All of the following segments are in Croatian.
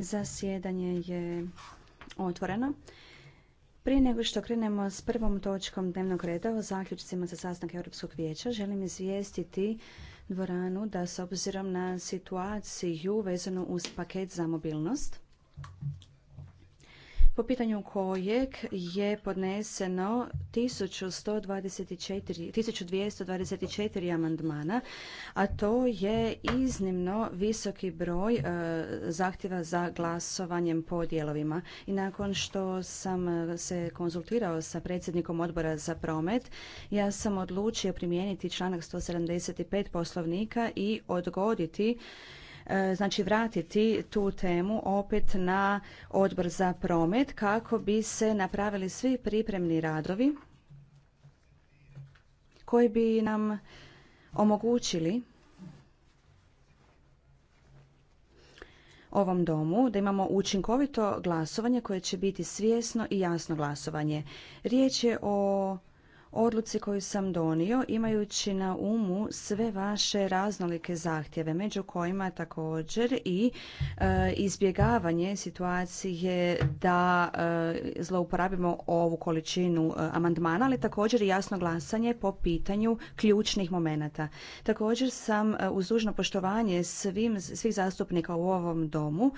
Zasjedanje je otvoreno. Prije nego što krenemo s prvom točkom dnevnog reda o zaključcima za sastanak Europskog vijeća, želim izvijestiti dvoranu da s obzirom na situaciju vezanu uz paket za mobilnost, po pitanju kojeg je podneseno 1124, 1224 amandmana, a to je iznimno visoki broj e, zahtjeva za glasovanjem po dijelovima. I nakon što sam se konzultirao sa predsjednikom odbora za promet, ja sam odlučio primijeniti članak 175 poslovnika i odgoditi E, znači vratiti tu temu opet na odbor za promet kako bi se napravili svi pripremni radovi koji bi nam omogućili ovom domu da imamo učinkovito glasovanje koje će biti svjesno i jasno glasovanje. Riječ je o odluci koju sam donio imajući na umu sve vaše raznolike zahtjeve među kojima također i e, izbjegavanje situacije da e, zlouporabimo ovu količinu e, amandmana ali također i jasno glasanje po pitanju ključnih momenata također sam uz dužno poštovanje svim, svih zastupnika u ovom domu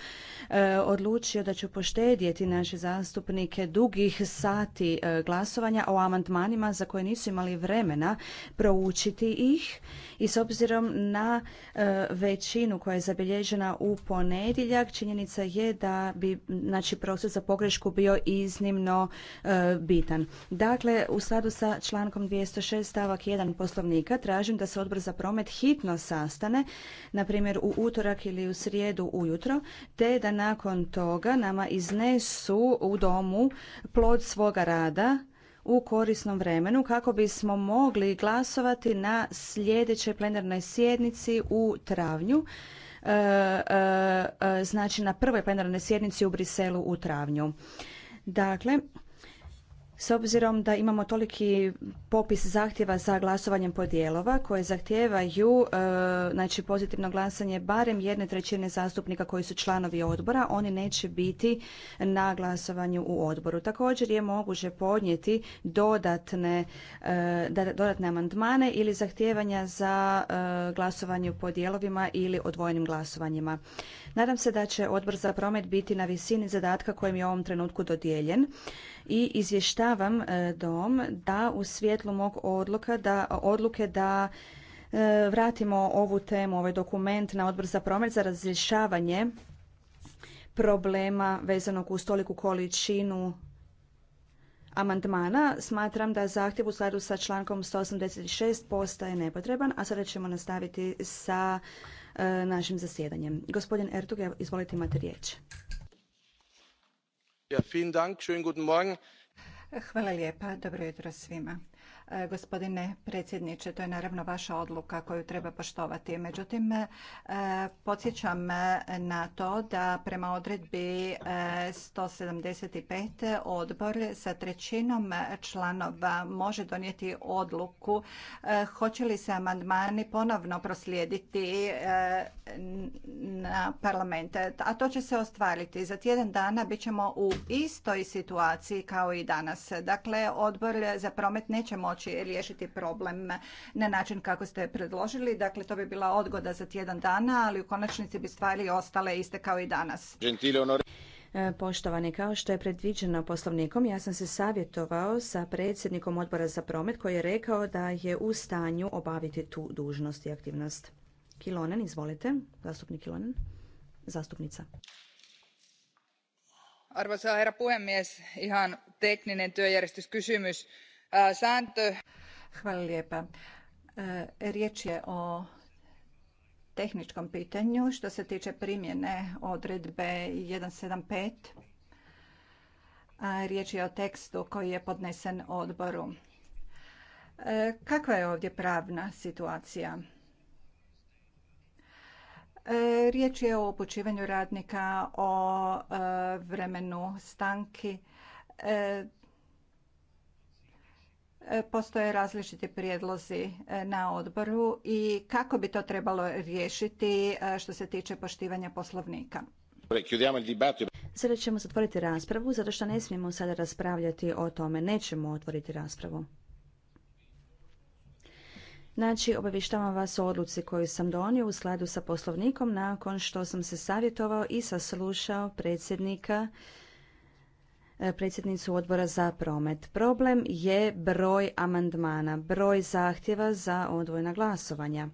odlučio da ću poštedjeti naše zastupnike dugih sati glasovanja o amandmanima za koje nisu imali vremena proučiti ih i s obzirom na e, većinu koja je zabilježena u ponedjeljak činjenica je da bi znači proces za pogrešku bio iznimno e, bitan. Dakle, u skladu sa člankom 206 stavak 1 poslovnika tražim da se odbor za promet hitno sastane, na primjer u utorak ili u srijedu ujutro, te da nakon toga nama iznesu u domu plod svoga rada u korisnom vremenu kako bismo mogli glasovati na sljedećoj plenarnoj sjednici u travnju e, e, e, znači na prvoj plenarnoj sjednici u Briselu u travnju. Dakle, s obzirom da imamo toliki popis zahtjeva za glasovanjem po dijelova koje zahtijevaju e, znači pozitivno glasanje barem jedne trećine zastupnika koji su članovi odbora, oni neće biti na glasovanju u odboru. Također je moguće podnijeti dodatne, e, dodatne amandmane ili zahtijevanja za e, glasovanje po dijelovima ili odvojenim glasovanjima. Nadam se da će odbor za promet biti na visini zadatka kojim je u ovom trenutku dodijeljen i izvještavam e, dom da u svjetlu mog odluka da, odluke da e, vratimo ovu temu, ovaj dokument na odbor za promet za razrješavanje problema vezanog uz toliku količinu amandmana. Smatram da zahtjev u skladu sa člankom 186 postaje nepotreban, a sada ćemo nastaviti sa e, našim zasjedanjem. Gospodin Ertug, izvolite imate riječ. Hvala lijepa. Dobro jutro svima. E, gospodine predsjedniče, to je naravno vaša odluka koju treba poštovati. Međutim, e, podsjećam e, na to da prema odredbi 175 odbor sa trećinom članova može donijeti odluku hoće li se amandmani ponovno proslijediti na parlament. A to će se ostvariti. Za tjedan dana bit ćemo u istoj situaciji kao i danas. Dakle, odbor za promet neće moći moći riješiti problem na način kako ste predložili. Dakle, to bi bila odgoda za tjedan dana, ali u konačnici bi stvari ostale iste kao i danas. E, poštovani, kao što je predviđeno poslovnikom, ja sam se savjetovao sa predsjednikom odbora za promet koji je rekao da je u stanju obaviti tu dužnost i aktivnost. Kilonen, izvolite. Zastupnik Kilonen. Zastupnica. Arvoisa herra puhemies, ihan tekninen työjärjestyskysymys. Hvala lijepa. E, riječ je o tehničkom pitanju što se tiče primjene odredbe 175. Riječ je o tekstu koji je podnesen odboru. E, kakva je ovdje pravna situacija? E, riječ je o upućivanju radnika, o vremenu stanki E, postoje različiti prijedlozi e, na odboru i kako bi to trebalo riješiti e, što se tiče poštivanja poslovnika. Sada ćemo zatvoriti raspravu, zato što ne smijemo sada raspravljati o tome. Nećemo otvoriti raspravu. Znači, obavještavam vas o odluci koju sam donio u skladu sa poslovnikom nakon što sam se savjetovao i saslušao predsjednika E, predsjednicu odbora za promet. Problem je broj amandmana, broj zahtjeva za odvojna glasovanja.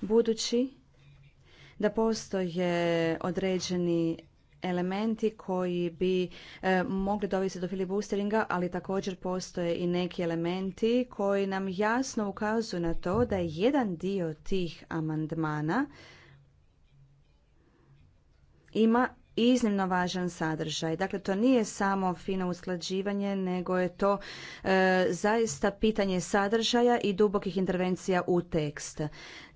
Budući da postoje određeni elementi koji bi e, mogli dovesti do filibusteringa, ali također postoje i neki elementi koji nam jasno ukazuju na to da je jedan dio tih amandmana ima iznimno važan sadržaj. Dakle, to nije samo fino usklađivanje, nego je to e, zaista pitanje sadržaja i dubokih intervencija u tekst.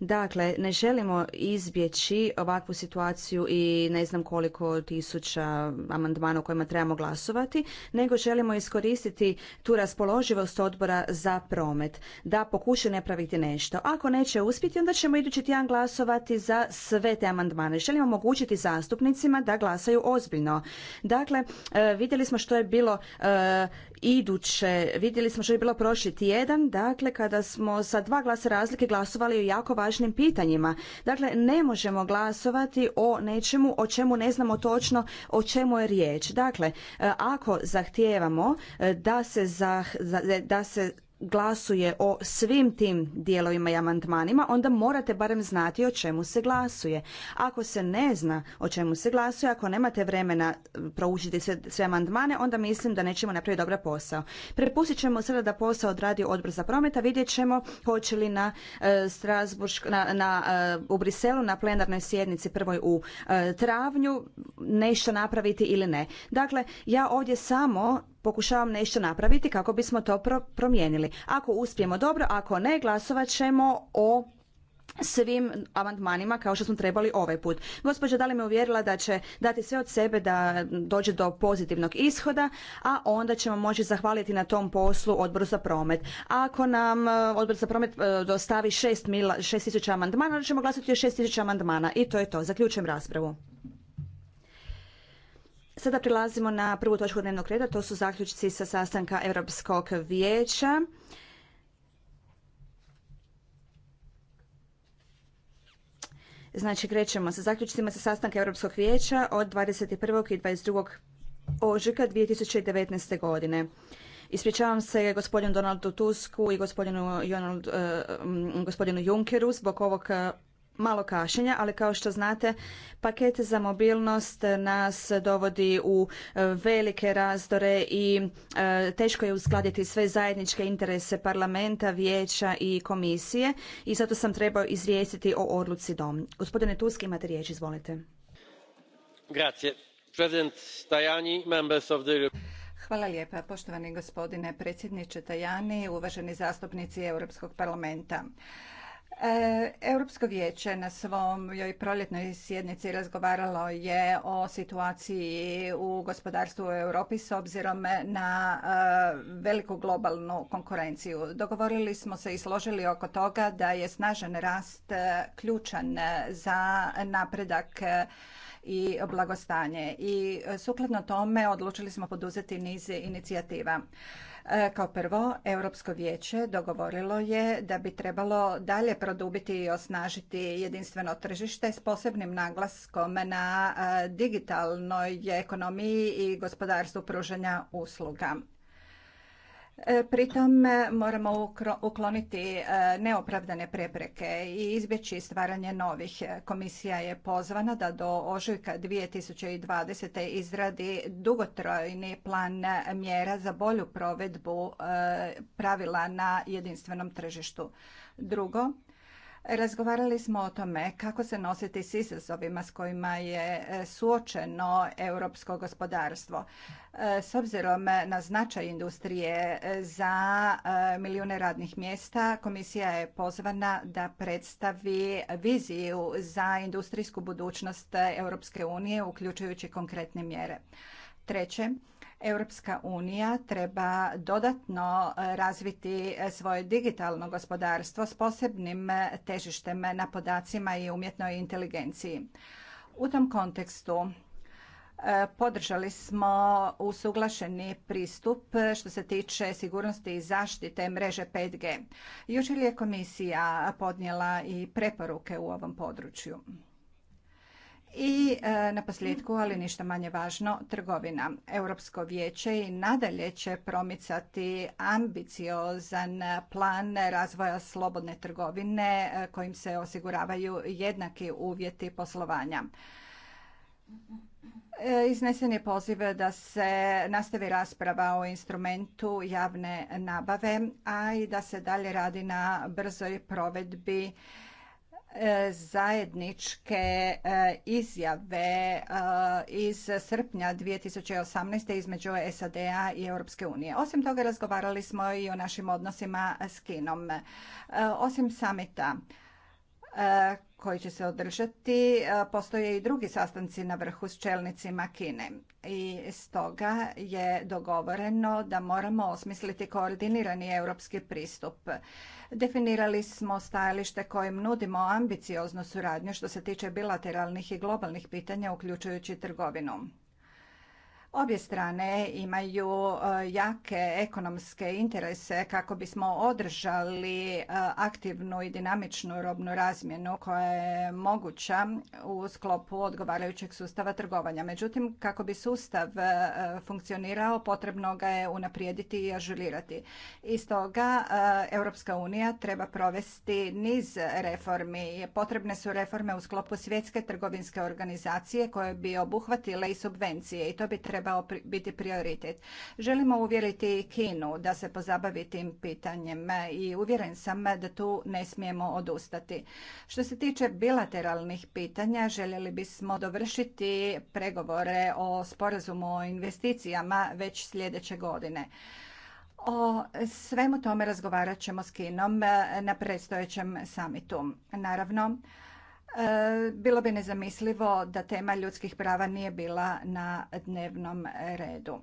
Dakle, ne želimo izbjeći ovakvu situaciju i ne znam koliko tisuća amandmana o kojima trebamo glasovati, nego želimo iskoristiti tu raspoloživost odbora za promet, da pokuša praviti nešto. Ako neće uspjeti, onda ćemo idući tjedan glasovati za sve te amandmane. Želimo omogućiti zastupnicima da glasaju ozbiljno. Dakle, e, vidjeli smo što je bilo e, iduće, vidjeli smo što je bilo prošli tjedan, dakle kada smo sa dva glasa razlike glasovali o jako važnim pitanjima. Dakle, ne možemo glasovati o nečemu o čemu ne znamo točno o čemu je riječ. Dakle, e, ako zahtijevamo e, da se, da se glasuje o svim tim dijelovima i amandmanima, onda morate barem znati o čemu se glasuje. Ako se ne zna o čemu se glasuje, ako nemate vremena e, proučiti sve, sve amandmane, onda mislim da nećemo napraviti dobar posao. Prepustit ćemo sada da posao odradi odbor za prometa, vidjet ćemo hoće li na, e, na, e, u Briselu na plenarnoj sjednici prvoj u travnju nešto napraviti ili ne. Dakle, ja ovdje samo pokušavam nešto napraviti kako bismo to promijenili. Ako uspijemo dobro, ako ne, glasovat ćemo o svim amandmanima kao što smo trebali ovaj put. Gospođa Dali me uvjerila da će dati sve od sebe da dođe do pozitivnog ishoda, a onda ćemo moći zahvaliti na tom poslu odboru za promet. Ako nam e, odbor za promet e, dostavi 6 tisuća amandmana, onda ćemo glasati o 6.000 tisuća amandmana i to je to. Zaključujem raspravu. Sada prilazimo na prvu točku dnevnog reda, to su zaključci sa sastanka Europskog vijeća. Znači, krećemo sa zaključcima sa sastanka Europskog vijeća od 21. i 22. ožujka 2019. godine. Ispričavam se gospodinu Donaldu Tusku i gospodinu, eh, gospodinu Junkeru zbog ovog eh, malo kašenja, ali kao što znate, paket za mobilnost nas dovodi u e, velike razdore i e, teško je uskladiti sve zajedničke interese parlamenta, vijeća i komisije i zato sam trebao izvijestiti o odluci dom. Gospodine Tusk, imate riječ, izvolite. Hvala lijepa, poštovani gospodine predsjedniče Tajani, uvaženi zastupnici Europskog parlamenta. E, Europsko vijeće na svom joj proljetnoj sjednici razgovaralo je o situaciji u gospodarstvu u Europi s obzirom na e, veliku globalnu konkurenciju. Dogovorili smo se i složili oko toga da je snažan rast e, ključan za napredak i blagostanje i sukladno tome odlučili smo poduzeti niz inicijativa. E, kao prvo, Europsko vijeće dogovorilo je da bi trebalo dalje produbiti i osnažiti jedinstveno tržište s posebnim naglaskom na e, digitalnoj ekonomiji i gospodarstvu pružanja usluga. E, Pri tom e, moramo ukloniti e, neopravdane prepreke i izbjeći stvaranje novih. Komisija je pozvana da do ožujka 2020. izradi dugotrojni plan mjera za bolju provedbu pravila na jedinstvenom tržištu. Drugo, Razgovarali smo o tome kako se nositi s izazovima s kojima je e, suočeno europsko gospodarstvo. E, s obzirom na značaj industrije e, za milijune radnih mjesta, komisija je pozvana da predstavi viziju za industrijsku budućnost Europske unije, uključujući konkretne mjere. Treće, Europska unija treba dodatno e, razviti e, svoje digitalno gospodarstvo s posebnim e, težištem na podacima i umjetnoj inteligenciji. U tom kontekstu podržali smo usuglašeni pristup što se tiče sigurnosti i zaštite mreže 5G. Jučer je komisija podnijela i preporuke u ovom području. I e, na posljedku, ali ništa manje važno, trgovina. Europsko vijeće i nadalje će promicati ambiciozan plan razvoja slobodne trgovine e, kojim se osiguravaju jednaki uvjeti poslovanja. E, iznesen je poziv da se nastavi rasprava o instrumentu javne nabave, a i da se dalje radi na brzoj provedbi E, zajedničke e, izjave e, iz srpnja 2018. između SAD-a i Europske unije. Osim toga razgovarali smo i o našim odnosima s Kinom. Osim samita E, koji će se održati, e, postoje i drugi sastanci na vrhu s čelnicima Kine. I stoga je dogovoreno da moramo osmisliti koordinirani europski pristup. Definirali smo stajalište kojim nudimo ambicioznu suradnju što se tiče bilateralnih i globalnih pitanja uključujući trgovinu. Obje strane imaju e, jake ekonomske interese kako bismo održali e, aktivnu i dinamičnu robnu razmjenu koja je moguća u sklopu odgovarajućeg sustava trgovanja. Međutim, kako bi sustav e, funkcionirao, potrebno ga je unaprijediti i ažurirati. Iz toga Europska unija treba provesti niz reformi. Potrebne su reforme u sklopu svjetske trgovinske organizacije koje bi obuhvatile i subvencije i to bi trebalo trebao biti prioritet. Želimo uvjeriti Kinu da se pozabavi tim pitanjem i uvjeren sam da tu ne smijemo odustati. Što se tiče bilateralnih pitanja, željeli bismo dovršiti pregovore o sporazumu o investicijama već sljedeće godine. O svemu tome razgovarat ćemo s Kinom na predstojećem samitu. Naravno, E, bilo bi nezamislivo da tema ljudskih prava nije bila na dnevnom redu.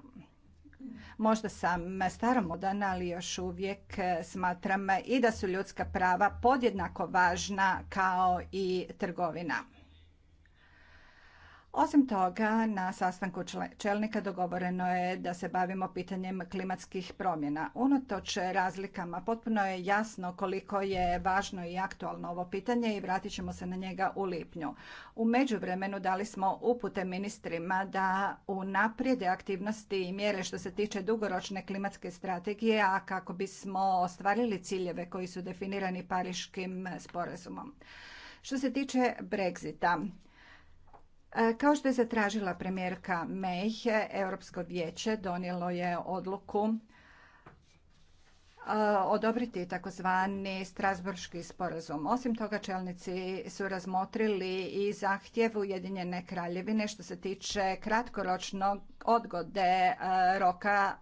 Možda sam staromodan, ali još uvijek smatram i da su ljudska prava podjednako važna kao i trgovina. Osim toga, na sastanku čelnika dogovoreno je da se bavimo pitanjem klimatskih promjena. Unatoč razlikama potpuno je jasno koliko je važno i aktualno ovo pitanje i vratit ćemo se na njega u lipnju. U međuvremenu dali smo upute ministrima da unaprijede aktivnosti i mjere što se tiče dugoročne klimatske strategije, a kako bismo ostvarili ciljeve koji su definirani Pariškim sporazumom. Što se tiče Brexita, E, kao što je zatražila premijerka May, Europsko vijeće donijelo je odluku e, odobriti takozvani Strasburški sporazum. Osim toga, čelnici su razmotrili i zahtjev Ujedinjene kraljevine što se tiče kratkoročnog odgode e, roka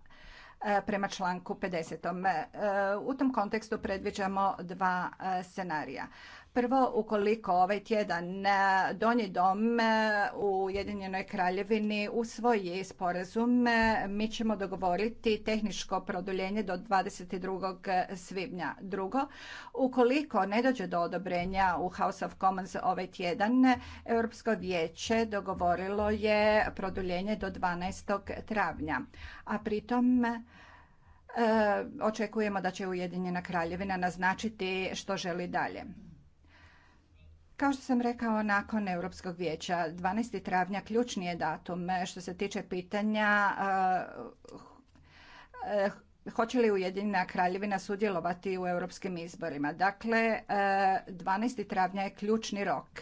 prema članku 50. U tom kontekstu predviđamo dva scenarija. Prvo, ukoliko ovaj tjedan e, Donji dom e, u Ujedinjenoj kraljevini usvoji sporazum, e, mi ćemo dogovoriti tehničko produljenje do 22. svibnja. Drugo, ukoliko ne dođe do odobrenja u House of Commons ovaj tjedan, Europsko vijeće dogovorilo je produljenje do 12. travnja. A pritom, očekujemo da će Ujedinjena kraljevina naznačiti što želi dalje. Kao što sam rekao nakon Europskog vijeća, 12. travnja ključni je datum što se tiče pitanja eh, eh, hoće li Ujedinjena kraljevina sudjelovati u europskim izborima. Dakle, 12. Eh, travnja je ključni rok.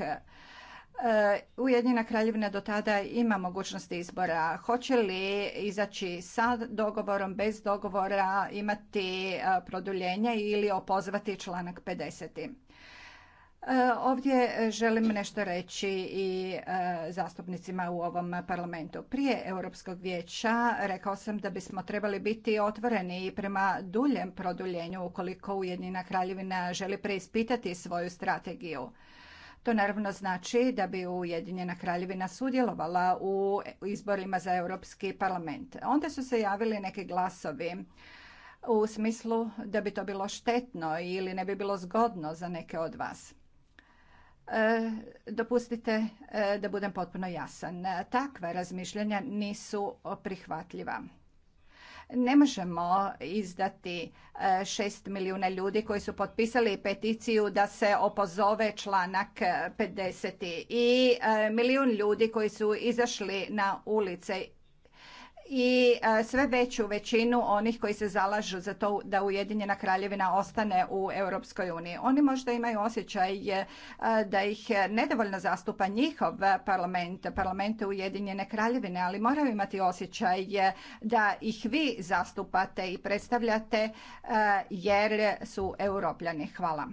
Ujedinjena kraljevina do tada ima mogućnost izbora. Hoće li izaći sa dogovorom, bez dogovora, imati produljenje ili opozvati članak 50. E, ovdje želim nešto reći i e, zastupnicima u ovom parlamentu. Prije Europskog vijeća rekao sam da bismo trebali biti otvoreni i prema duljem produljenju ukoliko Ujedinjena kraljevina želi preispitati svoju strategiju. To naravno znači da bi Ujedinjena kraljevina sudjelovala u izborima za Europski parlament. Onda su se javili neki glasovi u smislu da bi to bilo štetno ili ne bi bilo zgodno za neke od vas. E, dopustite e, da budem potpuno jasan. Takva razmišljanja nisu prihvatljiva. Ne možemo izdati e, šest milijuna ljudi koji su potpisali peticiju da se opozove članak 50. i milijun ljudi koji su izašli na ulice i e, sve veću većinu onih koji se zalažu za to da Ujedinjena kraljevina ostane u Europskoj uniji. Oni možda imaju osjećaj e, da ih nedovoljno zastupa njihov parlament, parlament Ujedinjene kraljevine, ali moraju imati osjećaj da ih vi zastupate i predstavljate e, jer su europljani. Hvala.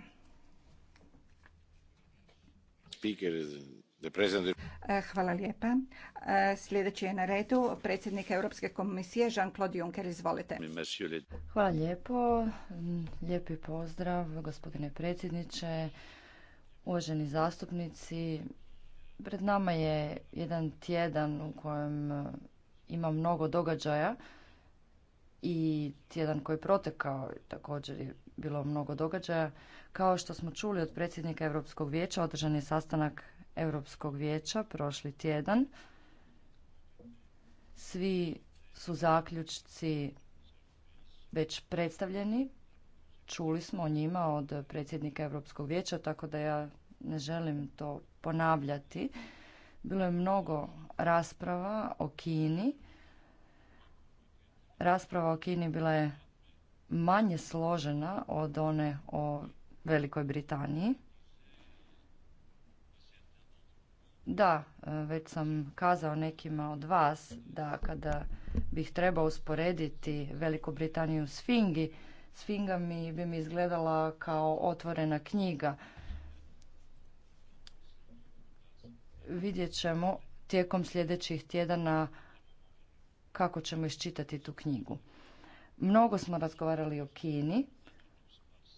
E, hvala lijepa. E, sljedeći je na redu predsjednik Europske komisije Jean-Claude Juncker. Izvolite. Hvala lijepo. Lijepi pozdrav gospodine predsjedniče, uvaženi zastupnici. Pred nama je jedan tjedan u kojem ima mnogo događaja i tjedan koji je protekao također je bilo mnogo događaja. Kao što smo čuli od predsjednika Europskog vijeća, održan je sastanak Europskog vijeća prošli tjedan. Svi su zaključci već predstavljeni. Čuli smo o njima od predsjednika Europskog vijeća, tako da ja ne želim to ponavljati. Bilo je mnogo rasprava o Kini. Rasprava o Kini bila je manje složena od one o Velikoj Britaniji. Da, e, već sam kazao nekima od vas da kada bih trebao usporediti Veliku Britaniju s Fingi, Sfinga mi bi mi izgledala kao otvorena knjiga. Vidjet ćemo tijekom sljedećih tjedana kako ćemo iščitati tu knjigu. Mnogo smo razgovarali o Kini.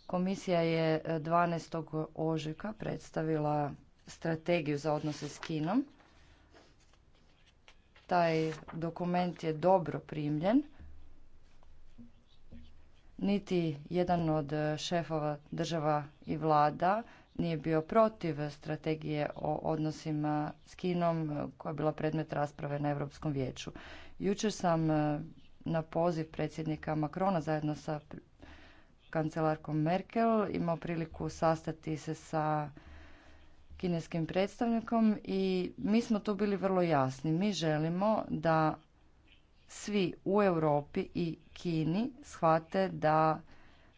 Komisija je 12. ožujka predstavila strategiju za odnose s Kinom. Taj dokument je dobro primljen. Niti jedan od šefova država i vlada nije bio protiv strategije o odnosima s Kinom koja je bila predmet rasprave na Europskom vijeću. Jučer sam e, na poziv predsjednika Makrona zajedno sa kancelarkom Merkel imao priliku sastati se sa kineskim predstavnikom i mi smo tu bili vrlo jasni. Mi želimo da svi u Europi i Kini shvate da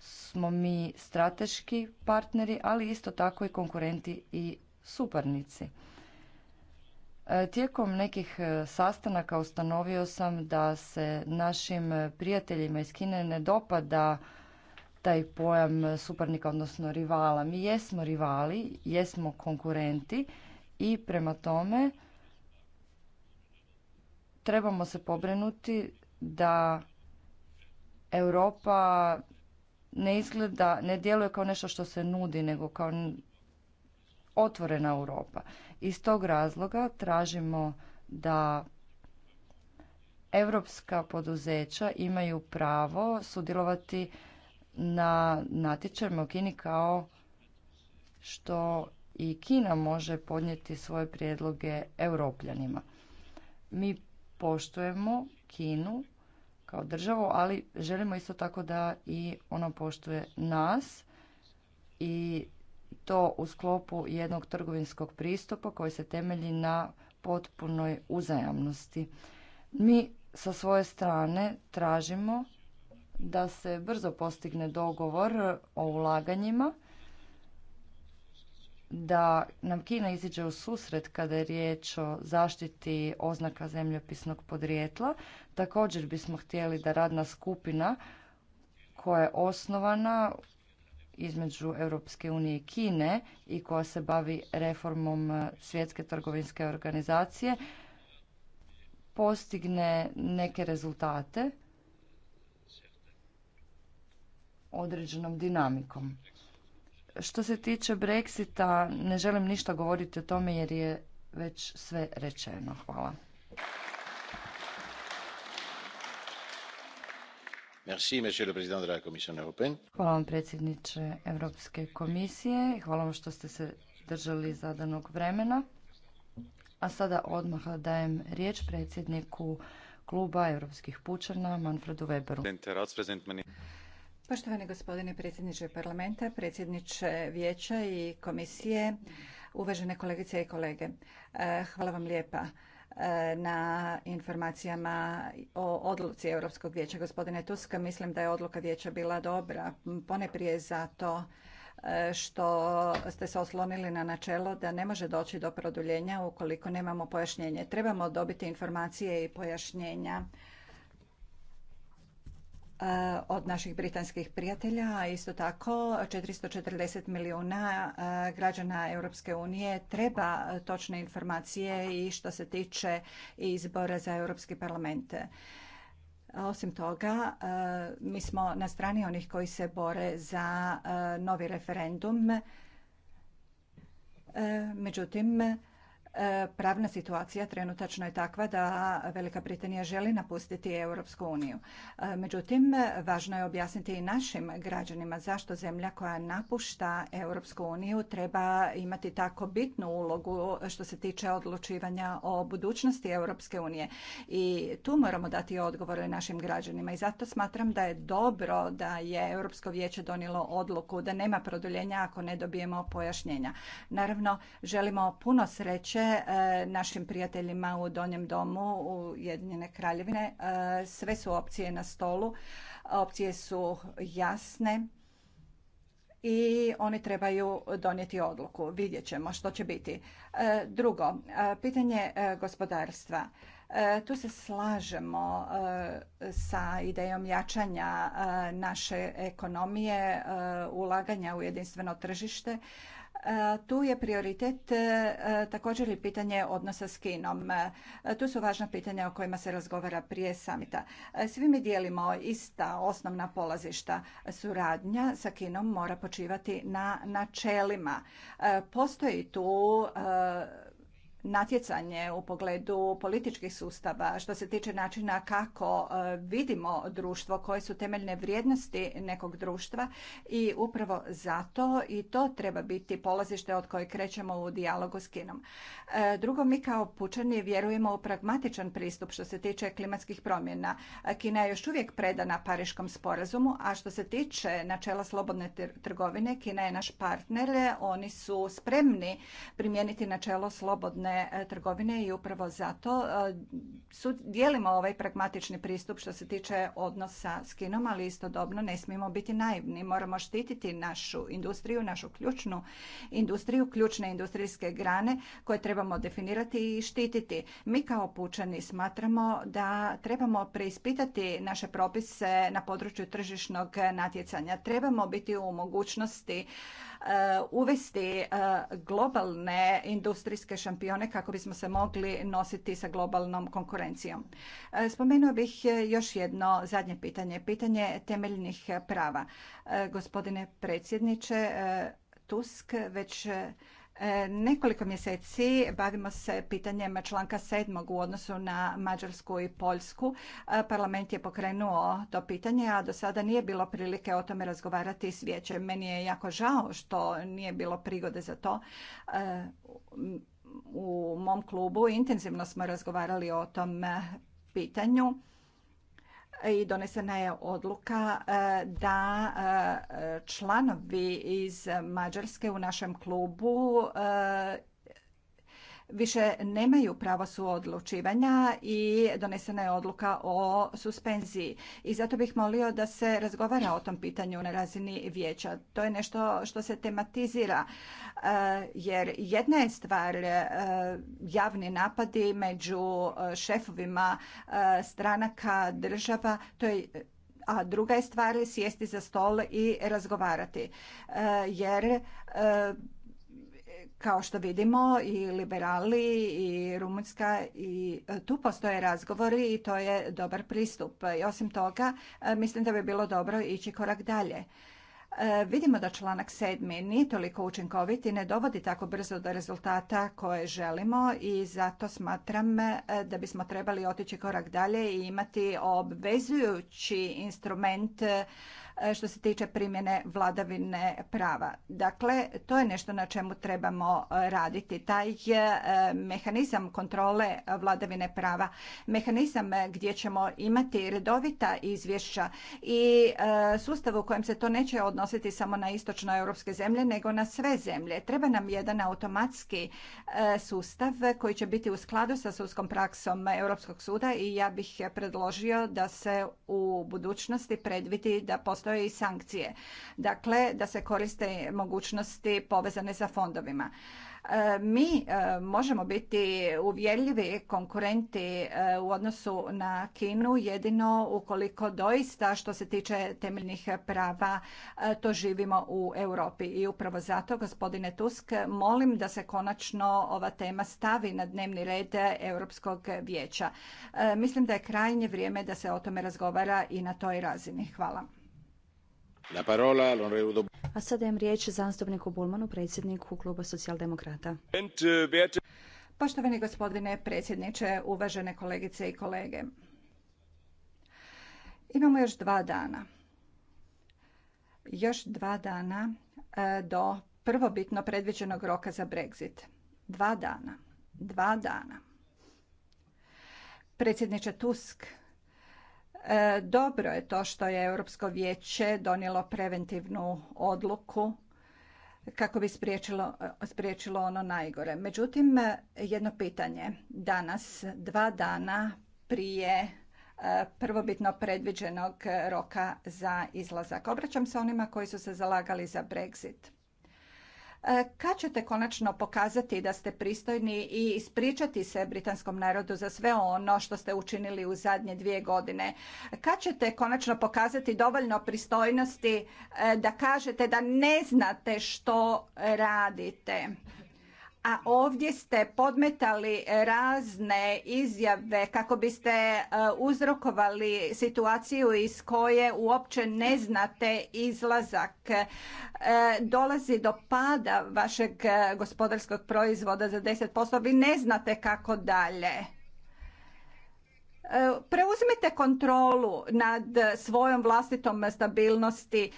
smo mi strateški partneri, ali isto tako i konkurenti i suparnici. E, tijekom nekih e, sastanaka ustanovio sam da se našim prijateljima iz Kine ne dopada taj pojam suparnika, odnosno rivala. Mi jesmo rivali, jesmo konkurenti i prema tome trebamo se pobrinuti da Europa ne izgleda, ne djeluje kao nešto što se nudi, nego kao otvorena Europa. Iz tog razloga tražimo da europska poduzeća imaju pravo sudjelovati na natječajima u Kini kao što i Kina može podnijeti svoje prijedloge europljanima. Mi poštujemo Kinu kao državu, ali želimo isto tako da i ona poštuje nas i to u sklopu jednog trgovinskog pristupa koji se temelji na potpunoj uzajamnosti. Mi sa svoje strane tražimo da se brzo postigne dogovor o ulaganjima, da nam Kina iziđe u susret kada je riječ o zaštiti oznaka zemljopisnog podrijetla. Također bismo htjeli da radna skupina koja je osnovana između Europske unije i Kine i koja se bavi reformom svjetske trgovinske organizacije postigne neke rezultate određenom dinamikom. Što se tiče Brexita, ne želim ništa govoriti o tome jer je već sve rečeno. Hvala. Merci, monsieur le président de la Commission européenne. Hvala vam predsjedniče Europske komisije. Hvala vam što ste se držali zadanog vremena. A sada odmah dajem riječ predsjedniku kluba Europskih pučana Manfredu Weberu. Poštovani gospodine predsjedniče parlamenta, predsjedniče vijeća i komisije, uvažene kolegice i kolege, e, hvala vam lijepa e, na informacijama o odluci Europskog vijeća. Gospodine Tuska, mislim da je odluka vijeća bila dobra, poneprije zato e, što ste se oslonili na načelo da ne može doći do produljenja ukoliko nemamo pojašnjenje. Trebamo dobiti informacije i pojašnjenja od naših britanskih prijatelja, a isto tako 440 milijuna e, građana Europske unije treba točne informacije i što se tiče izbora za Europski parlament. Osim toga, e, mi smo na strani onih koji se bore za e, novi referendum. Međutim, Pravna situacija trenutačno je takva da Velika Britanija želi napustiti Europsku uniju. E, međutim, važno je objasniti i našim građanima zašto zemlja koja napušta Europsku uniju treba imati tako bitnu ulogu što se tiče odlučivanja o budućnosti Europske unije. I tu moramo dati odgovore našim građanima i zato smatram da je dobro da je Europsko vijeće donijelo odluku da nema produljenja ako ne dobijemo pojašnjenja. Naravno, želimo puno sreće E, našim prijateljima u Donjem domu Jedinjene kraljevine, e, sve su opcije na stolu. Opcije su jasne i oni trebaju donijeti odluku. Vidjet ćemo što će biti. E, drugo, pitanje gospodarstva. Tu se slažemo sa idejom jačanja naše ekonomije, ulaganja u jedinstveno tržište. Tu je prioritet e, također i pitanje odnosa s Kinom. E, tu su važna pitanja o kojima se razgovara prije samita. E, svi mi dijelimo ista osnovna polazišta. Suradnja sa Kinom mora počivati na načelima. Postoji tu natjecanje u pogledu političkih sustava, što se tiče načina kako e, vidimo društvo, koje su temeljne vrijednosti nekog društva i upravo zato i to treba biti polazište od koje krećemo u dijalogu s Kinom. E, drugo, mi kao pučani vjerujemo u pragmatičan pristup što se tiče klimatskih promjena. E, Kina je još uvijek predana Pariškom sporazumu, a što se tiče načela slobodne trgovine, Kina je naš partner, oni su spremni primijeniti načelo slobodne E, trgovine i upravo zato e, dijelimo ovaj pragmatični pristup što se tiče odnosa s Kinom, ali istodobno ne smijemo biti naivni. Moramo štititi našu industriju, našu ključnu industriju, ključne industrijske grane koje trebamo definirati i štititi. Mi kao pučani smatramo da trebamo preispitati naše propise na području tržišnog natjecanja. Trebamo biti u mogućnosti Eh, uvesti eh, globalne industrijske šampione kako bismo se mogli nositi sa globalnom konkurencijom. Eh, spomenuo bih još jedno zadnje pitanje, pitanje temeljnih prava. Gospodine predsjedniče Tusk, već E, nekoliko mjeseci bavimo se pitanjem članka sedmog u odnosu na Mađarsku i Poljsku. E, parlament je pokrenuo to pitanje, a do sada nije bilo prilike o tome razgovarati s vijećem. Meni je jako žao što nije bilo prigode za to. E, u mom klubu intenzivno smo razgovarali o tom pitanju i donesena je odluka e, da e, članovi iz Mađarske u našem klubu e, više nemaju pravo suodlučivanja i donesena je odluka o suspenziji. I zato bih molio da se razgovara o tom pitanju na razini vijeća. To je nešto što se tematizira e, jer jedna je stvar e, javni napadi među e, šefovima stranaka država, to je a druga je stvar sjesti za stol i razgovarati. Jer kao što vidimo i liberali i Rumunjska i e, tu postoje razgovori i to je dobar pristup. I osim toga e, mislim da bi bilo dobro ići korak dalje. E, vidimo da članak 7. nije toliko učinkovit i ne dovodi tako brzo do rezultata koje želimo i zato smatram da bismo trebali otići korak dalje i imati obvezujući instrument E, što se tiče primjene vladavine prava. Dakle, to je nešto na čemu trebamo e, raditi. Taj e, mehanizam kontrole vladavine prava, mehanizam gdje ćemo imati redovita izvješća i sustav u kojem se to neće odnositi samo na europske zemlje, nego na sve zemlje. Treba nam jedan automatski sustav koji će biti u skladu sa sudskom praksom Europskog suda i ja bih predložio da se u budućnosti predvidi da postoji postoje i sankcije. Dakle, da se koriste mogućnosti povezane sa fondovima. E, mi e, možemo biti uvjerljivi konkurenti e, u odnosu na Kinu jedino ukoliko doista što se tiče temeljnih prava to živimo u Europi. I upravo zato, gospodine Tusk, molim da se konačno ova tema stavi na dnevni red Europskog vijeća. Mislim da je krajnje vrijeme da se o tome razgovara i na toj razini. Hvala. La parola, A sada dajem riječ zastupniku Bulmanu, predsjedniku Kluba socijaldemokrata. E, Poštovani gospodine predsjedniče, uvažene kolegice i kolege. Imamo još dva dana. Još dva dana e, do prvobitno predviđenog roka za Brexit. Dva dana. Dva dana. Predsjedniče Tusk, E, dobro je to što je Europsko vijeće donijelo preventivnu odluku kako bi spriječilo, spriječilo ono najgore. Međutim, jedno pitanje. Danas, dva dana prije e, prvobitno predviđenog roka za izlazak. Obraćam se onima koji su se zalagali za Brexit. Kad ćete konačno pokazati da ste pristojni i ispričati se britanskom narodu za sve ono što ste učinili u zadnje dvije godine? Kad ćete konačno pokazati dovoljno pristojnosti eh, da kažete da ne znate što radite? a ovdje ste podmetali razne izjave kako biste e, uzrokovali situaciju iz koje uopće ne znate izlazak. E, dolazi do pada vašeg gospodarskog proizvoda za 10%, vi ne znate kako dalje. E, preuzmite kontrolu nad svojom vlastitom stabilnosti e,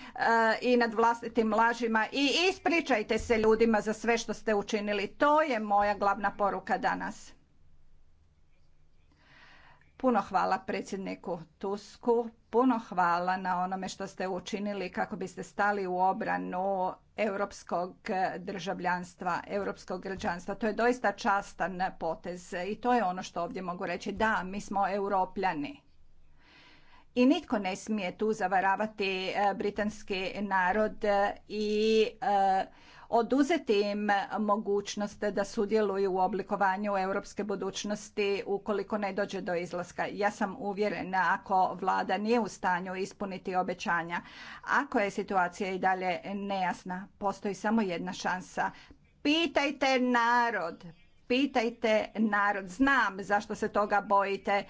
i nad vlastitim lažima i ispričajte se ljudima za sve što ste učinili. To je moja glavna poruka danas. Puno hvala predsjedniku Tusku, puno hvala na onome što ste učinili kako biste stali u obranu europskog državljanstva, europskog građanstva. To je doista častan potez i to je ono što ovdje mogu reći. Da, mi smo europljani. I nitko ne smije tu zavaravati e, britanski narod i e, oduzeti im mogućnost da sudjeluju u oblikovanju europske budućnosti ukoliko ne dođe do izlaska. Ja sam uvjerena ako vlada nije u stanju ispuniti obećanja, ako je situacija i dalje nejasna, postoji samo jedna šansa. Pitajte narod, pitajte narod. Znam zašto se toga bojite. E,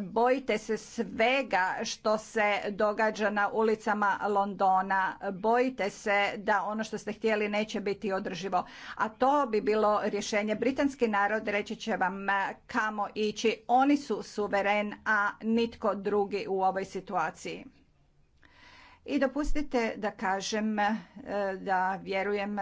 bojite se svega što se događa na ulicama Londona. Bojite se da ono što ste htjeli neće biti održivo. A to bi bilo rješenje. Britanski narod reći će vam kamo ići. Oni su suveren, a nitko drugi u ovoj situaciji. I dopustite da kažem e, da vjerujem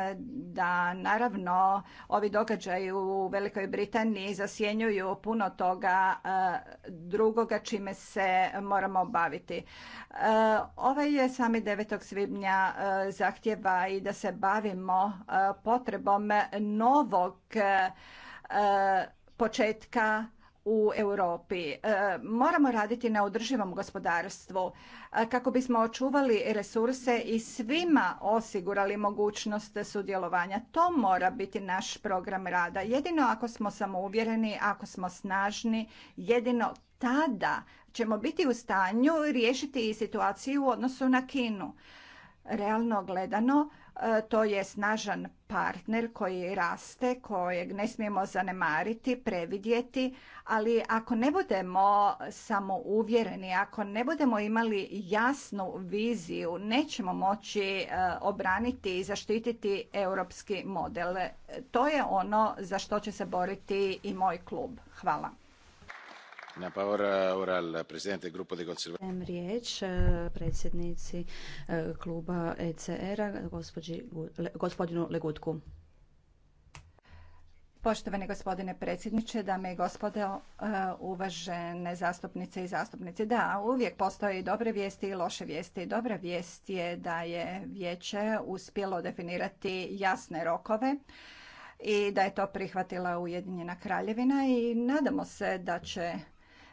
da naravno ovi događaji u Velikoj Britaniji zasjenjuju puno toga e, drugoga čime se moramo baviti. E, ovaj je sami 9. svibnja zahtjeva i da se bavimo potrebom novog početka u Europi. E, moramo raditi na održivom gospodarstvu e, kako bismo očuvali resurse i svima osigurali mogućnost sudjelovanja. To mora biti naš program rada. Jedino ako smo samouvjereni, ako smo snažni, jedino tada ćemo biti u stanju riješiti i situaciju u odnosu na Kinu. Realno gledano, E, to je snažan partner koji raste, kojeg ne smijemo zanemariti, previdjeti, ali ako ne budemo samo uvjereni, ako ne budemo imali jasnu viziju, nećemo moći e, obraniti i zaštititi europski model. E, to je ono za što će se boriti i moj klub. Hvala. Dajem riječ eh, predsjednici eh, kluba ECR-a, gospodinu Legutku. Poštovani gospodine predsjedniče, dame i gospodo, eh, uvažene zastupnice i zastupnici. Da, uvijek postoje i dobre vijesti i loše vijesti. Dobra vijest je da je vijeće uspjelo definirati jasne rokove i da je to prihvatila Ujedinjena kraljevina i nadamo se da će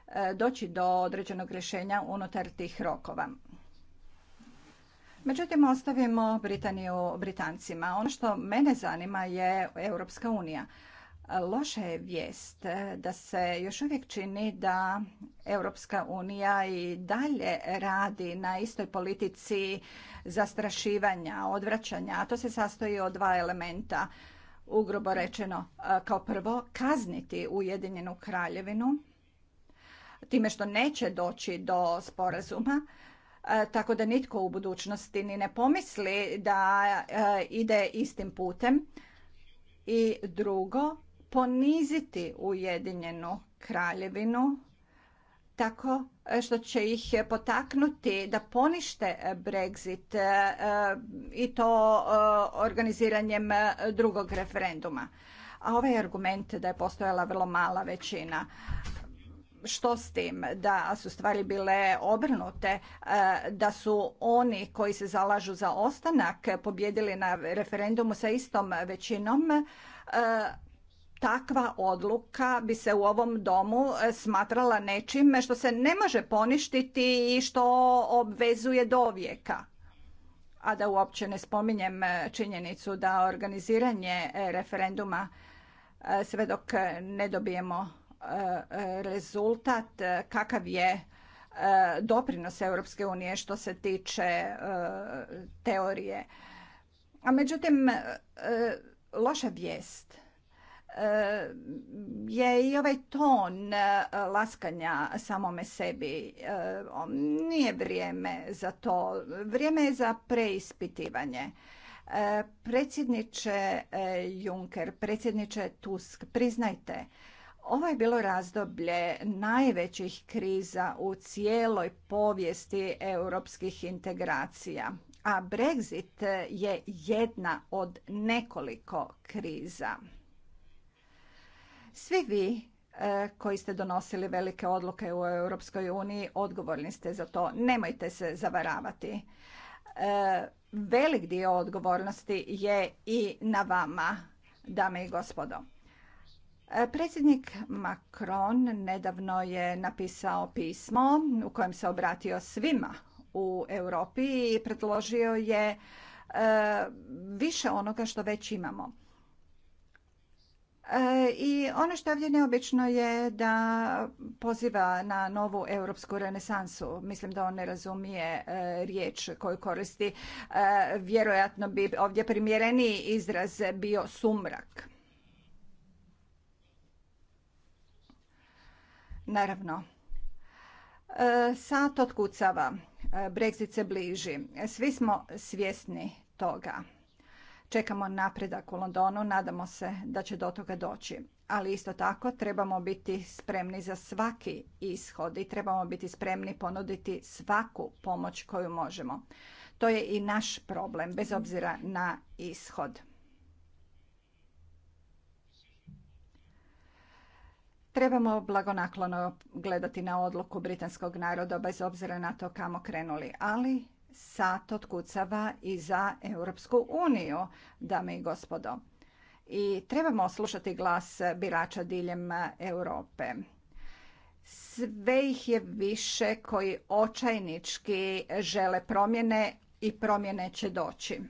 E, doći do određenog rješenja unutar tih rokova. Međutim, ostavimo Britaniju Britancima. Ono što mene zanima je Europska unija. Loša je vijest da se još uvijek čini da Europska unija i dalje radi na istoj politici zastrašivanja, odvraćanja, a to se sastoji od dva elementa, ugrubo rečeno. E, kao prvo, kazniti Ujedinjenu kraljevinu time što neće doći do sporazuma, e, tako da nitko u budućnosti ni ne pomisli da e, ide istim putem. I drugo, poniziti Ujedinjenu kraljevinu tako e, što će ih potaknuti da ponište Brexit i to organiziranjem drugog referenduma. A ovaj argument da je postojala vrlo mala većina što s tim da su stvari bile obrnute, e, da su oni koji se zalažu za ostanak pobjedili na referendumu sa istom većinom, e, takva odluka bi se u ovom domu e, smatrala nečim što se ne može poništiti i što obvezuje do vijeka. A da uopće ne spominjem činjenicu da organiziranje referenduma sve dok ne dobijemo E, e, rezultat e, kakav je doprinos Europske unije što se tiče teorije. A međutim, loša vijest je i ovaj ton laskanja samome sebi. Nije vrijeme za to. Vrijeme je za preispitivanje. Predsjedniče Juncker, predsjedniče Tusk, priznajte, ovo je bilo razdoblje najvećih kriza u cijeloj povijesti europskih integracija, a Brexit je jedna od nekoliko kriza. Svi vi eh, koji ste donosili velike odluke u Europskoj uniji odgovorni ste za to. Nemojte se zavaravati. Eh, velik dio odgovornosti je i na vama, dame i gospodo. E, predsjednik Macron nedavno je napisao pismo u kojem se obratio svima u Europi i predložio je e, više onoga što već imamo. E, I ono što je ovdje neobično je da poziva na novu europsku renesansu. Mislim da on ne razumije riječ koju koristi. Vjerojatno bi ovdje primjereniji izraz bio sumrak. Naravno, e, sat otkucava, e, Brexit se bliži. Svi smo svjesni toga. Čekamo napredak u Londonu, nadamo se da će do toga doći. Ali isto tako trebamo biti spremni za svaki ishod i trebamo biti spremni ponuditi svaku pomoć koju možemo. To je i naš problem, bez obzira na ishod. Trebamo blagonaklono gledati na odluku britanskog naroda bez obzira na to kamo krenuli, ali sat otkucava i za Europsku uniju, dame i gospodo. I trebamo slušati glas birača diljem Europe. Sve ih je više koji očajnički žele promjene i promjene će doći.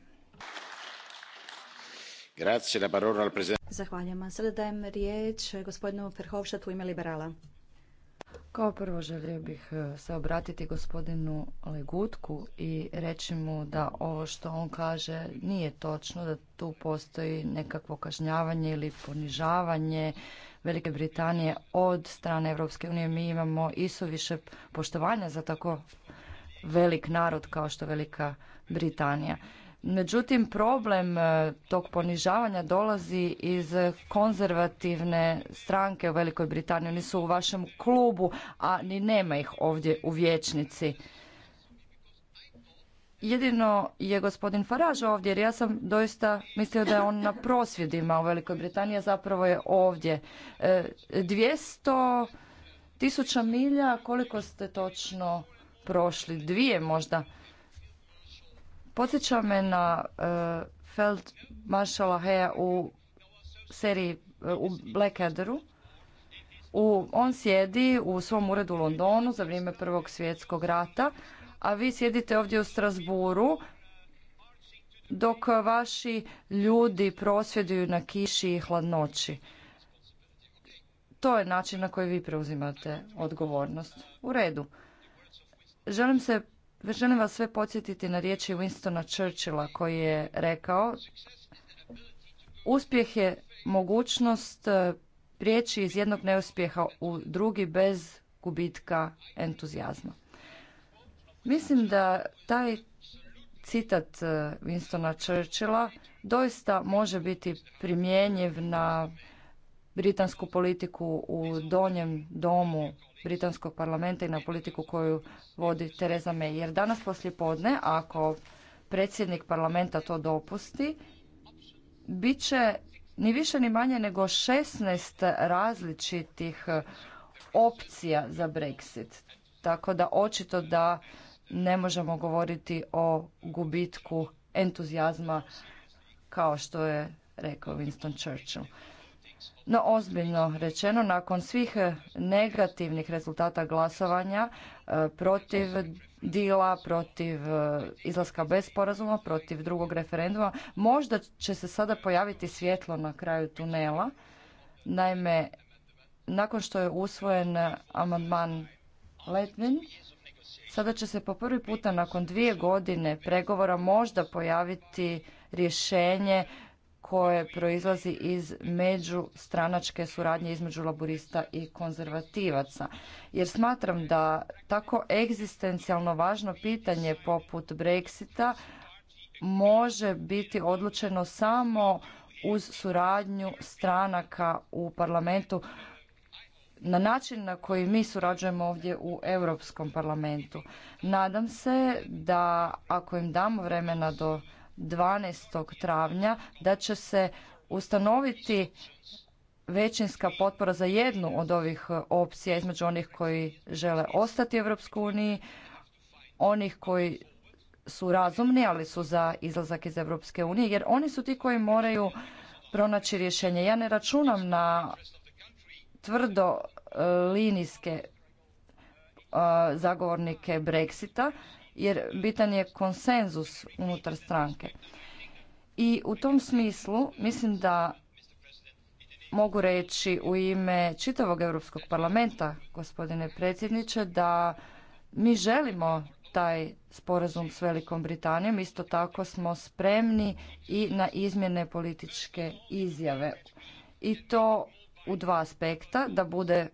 Zahvaljujem. A sada dajem riječ gospodinu u ime liberala. Kao prvo želio bih e, se obratiti gospodinu Legutku i reći mu da ovo što on kaže nije točno, da tu postoji nekakvo kažnjavanje ili ponižavanje Velike Britanije od strane Europske unije. Mi imamo isuviše poštovanja za tako velik narod kao što Velika Britanija. Međutim, problem e, tog ponižavanja dolazi iz konzervativne stranke u Velikoj Britaniji. Oni su u vašem klubu, a ni nema ih ovdje u vječnici. Jedino je gospodin Farage ovdje, jer ja sam doista mislio da je on na prosvjedima u Velikoj Britaniji, a zapravo je ovdje. 200 e, tisuća milja, koliko ste točno prošli? Dvije možda. Podsjeća me na e, Feld Marshala Heja u seriji e, u Blackadderu. U, on sjedi u svom uredu u Londonu za vrijeme Prvog svjetskog rata, a vi sjedite ovdje u Strasburu dok vaši ljudi prosvjeduju na kiši i hladnoći. To je način na koji vi preuzimate odgovornost. U redu. Želim se želim vas sve podsjetiti na riječi Winstona Churchilla koji je rekao uspjeh je mogućnost e, prijeći iz jednog neuspjeha u drugi bez gubitka entuzijazma. Mislim da taj citat e, Winstona Churchilla doista može biti primjenjiv na britansku politiku u donjem domu britanskog parlamenta i na politiku koju vodi Tereza May. Jer danas poslije podne, ako predsjednik parlamenta to dopusti, bit će ni više ni manje nego 16 različitih opcija za Brexit. Tako da očito da ne možemo govoriti o gubitku entuzijazma kao što je rekao Winston Churchill. No ozbiljno rečeno, nakon svih eh, negativnih rezultata glasovanja eh, protiv dila, protiv eh, izlaska bez sporazuma, protiv drugog referenduma, možda će se sada pojaviti svjetlo na kraju tunela. Naime, nakon što je usvojen amandman Letvin, sada će se po prvi puta nakon dvije godine pregovora možda pojaviti rješenje koje proizlazi iz međustranačke suradnje između laburista i konzervativaca. Jer smatram da tako egzistencijalno važno pitanje poput Brexita može biti odlučeno samo uz suradnju stranaka u parlamentu na način na koji mi surađujemo ovdje u Europskom parlamentu. Nadam se da ako im damo vremena do 12. travnja da će se ustanoviti većinska potpora za jednu od ovih opcija između onih koji žele ostati u Europskoj uniji, onih koji su razumni, ali su za izlazak iz Europske unije, jer oni su ti koji moraju pronaći rješenje. Ja ne računam na tvrdo e, linijske e, zagovornike Brexita, jer bitan je konsenzus unutar stranke. I u tom smislu mislim da mogu reći u ime čitavog Europskog parlamenta, gospodine predsjedniče, da mi želimo taj sporazum s Velikom Britanijom. Isto tako smo spremni i na izmjene političke izjave. I to u dva aspekta, da bude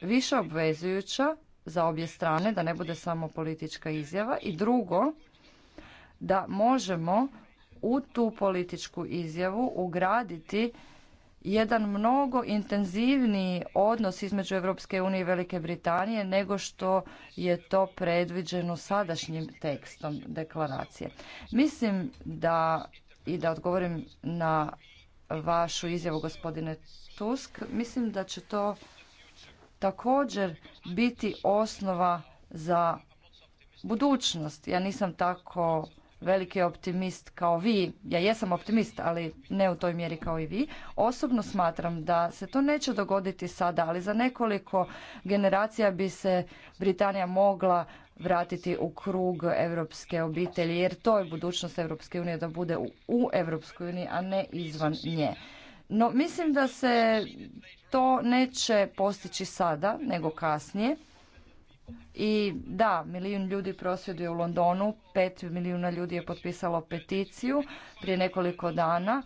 više obvezujuća za obje strane, da ne bude samo politička izjava i drugo, da možemo u tu političku izjavu ugraditi jedan mnogo intenzivniji odnos između Europske unije i Velike Britanije nego što je to predviđeno sadašnjim tekstom deklaracije. Mislim da, i da odgovorim na vašu izjavu gospodine Tusk, mislim da će to također biti osnova za budućnost. Ja nisam tako veliki optimist kao vi. Ja jesam optimist, ali ne u toj mjeri kao i vi. Osobno smatram da se to neće dogoditi sada, ali za nekoliko generacija bi se Britanija mogla vratiti u krug europske obitelji, jer to je budućnost Europske unije da bude u Europskoj uniji, a ne izvan nje. No, mislim da se to neće postići sada, nego kasnije. I da, milijun ljudi prosvjeduje u Londonu, pet milijuna ljudi je potpisalo peticiju prije nekoliko dana.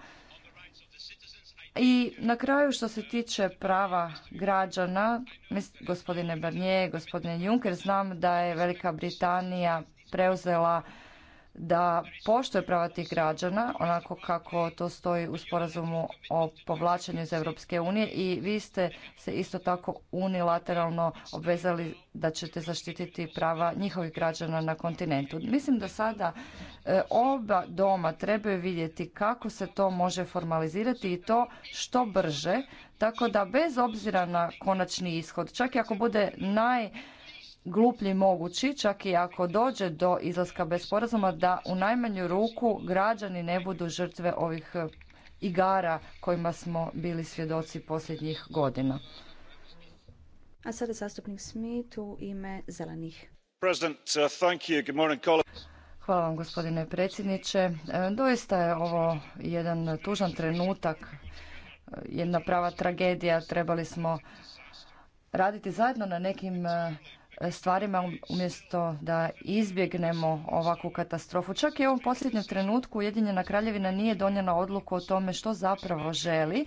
I na kraju što se tiče prava građana, gospodine Barnier, gospodine Juncker, znam da je Velika Britanija preuzela da poštuje prava tih građana, onako kako to stoji u sporazumu o povlačenju iz Europske unije i vi ste se isto tako unilateralno obvezali da ćete zaštititi prava njihovih građana na kontinentu. Mislim da sada e, oba doma trebaju vidjeti kako se to može formalizirati i to što brže, tako da bez obzira na konačni ishod, čak i ako bude naj gluplji mogući, čak i ako dođe do izlaska bez sporazuma, da u najmanju ruku građani ne budu žrtve ovih eh, igara kojima smo bili svjedoci posljednjih godina. A sada zastupnik Smith u ime zelenih. Uh, Hvala vam gospodine predsjedniče. Eh, doista je ovo jedan tužan trenutak, eh, jedna prava tragedija. Trebali smo raditi zajedno na nekim stvarima um-, umjesto da izbjegnemo ovakvu katastrofu. Čak i u ovom posljednjem trenutku Ujedinjena kraljevina nije donijela odluku o tome što zapravo želi.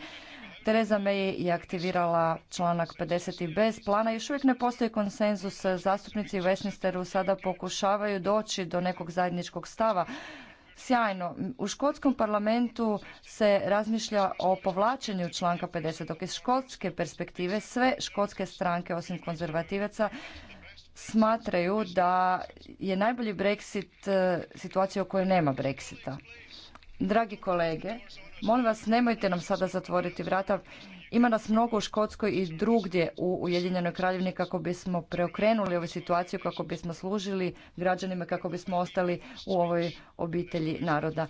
Tereza May je aktivirala članak 50. i bez plana. Još uvijek ne postoji konsenzus. Zastupnici u Westminsteru sada pokušavaju doći do nekog zajedničkog stava. Sjajno. U škotskom parlamentu se razmišlja o povlačenju članka 50. Dok iz škotske perspektive sve škotske stranke osim konzervativaca smatraju da je najbolji Brexit e, situacija u kojoj nema Brexita. Dragi kolege, molim vas nemojte nam sada zatvoriti vrata. Ima nas mnogo u Škotskoj i drugdje u Ujedinjenoj kraljevini kako bismo preokrenuli ovu situaciju, kako bismo služili građanima, kako bismo ostali u ovoj obitelji naroda.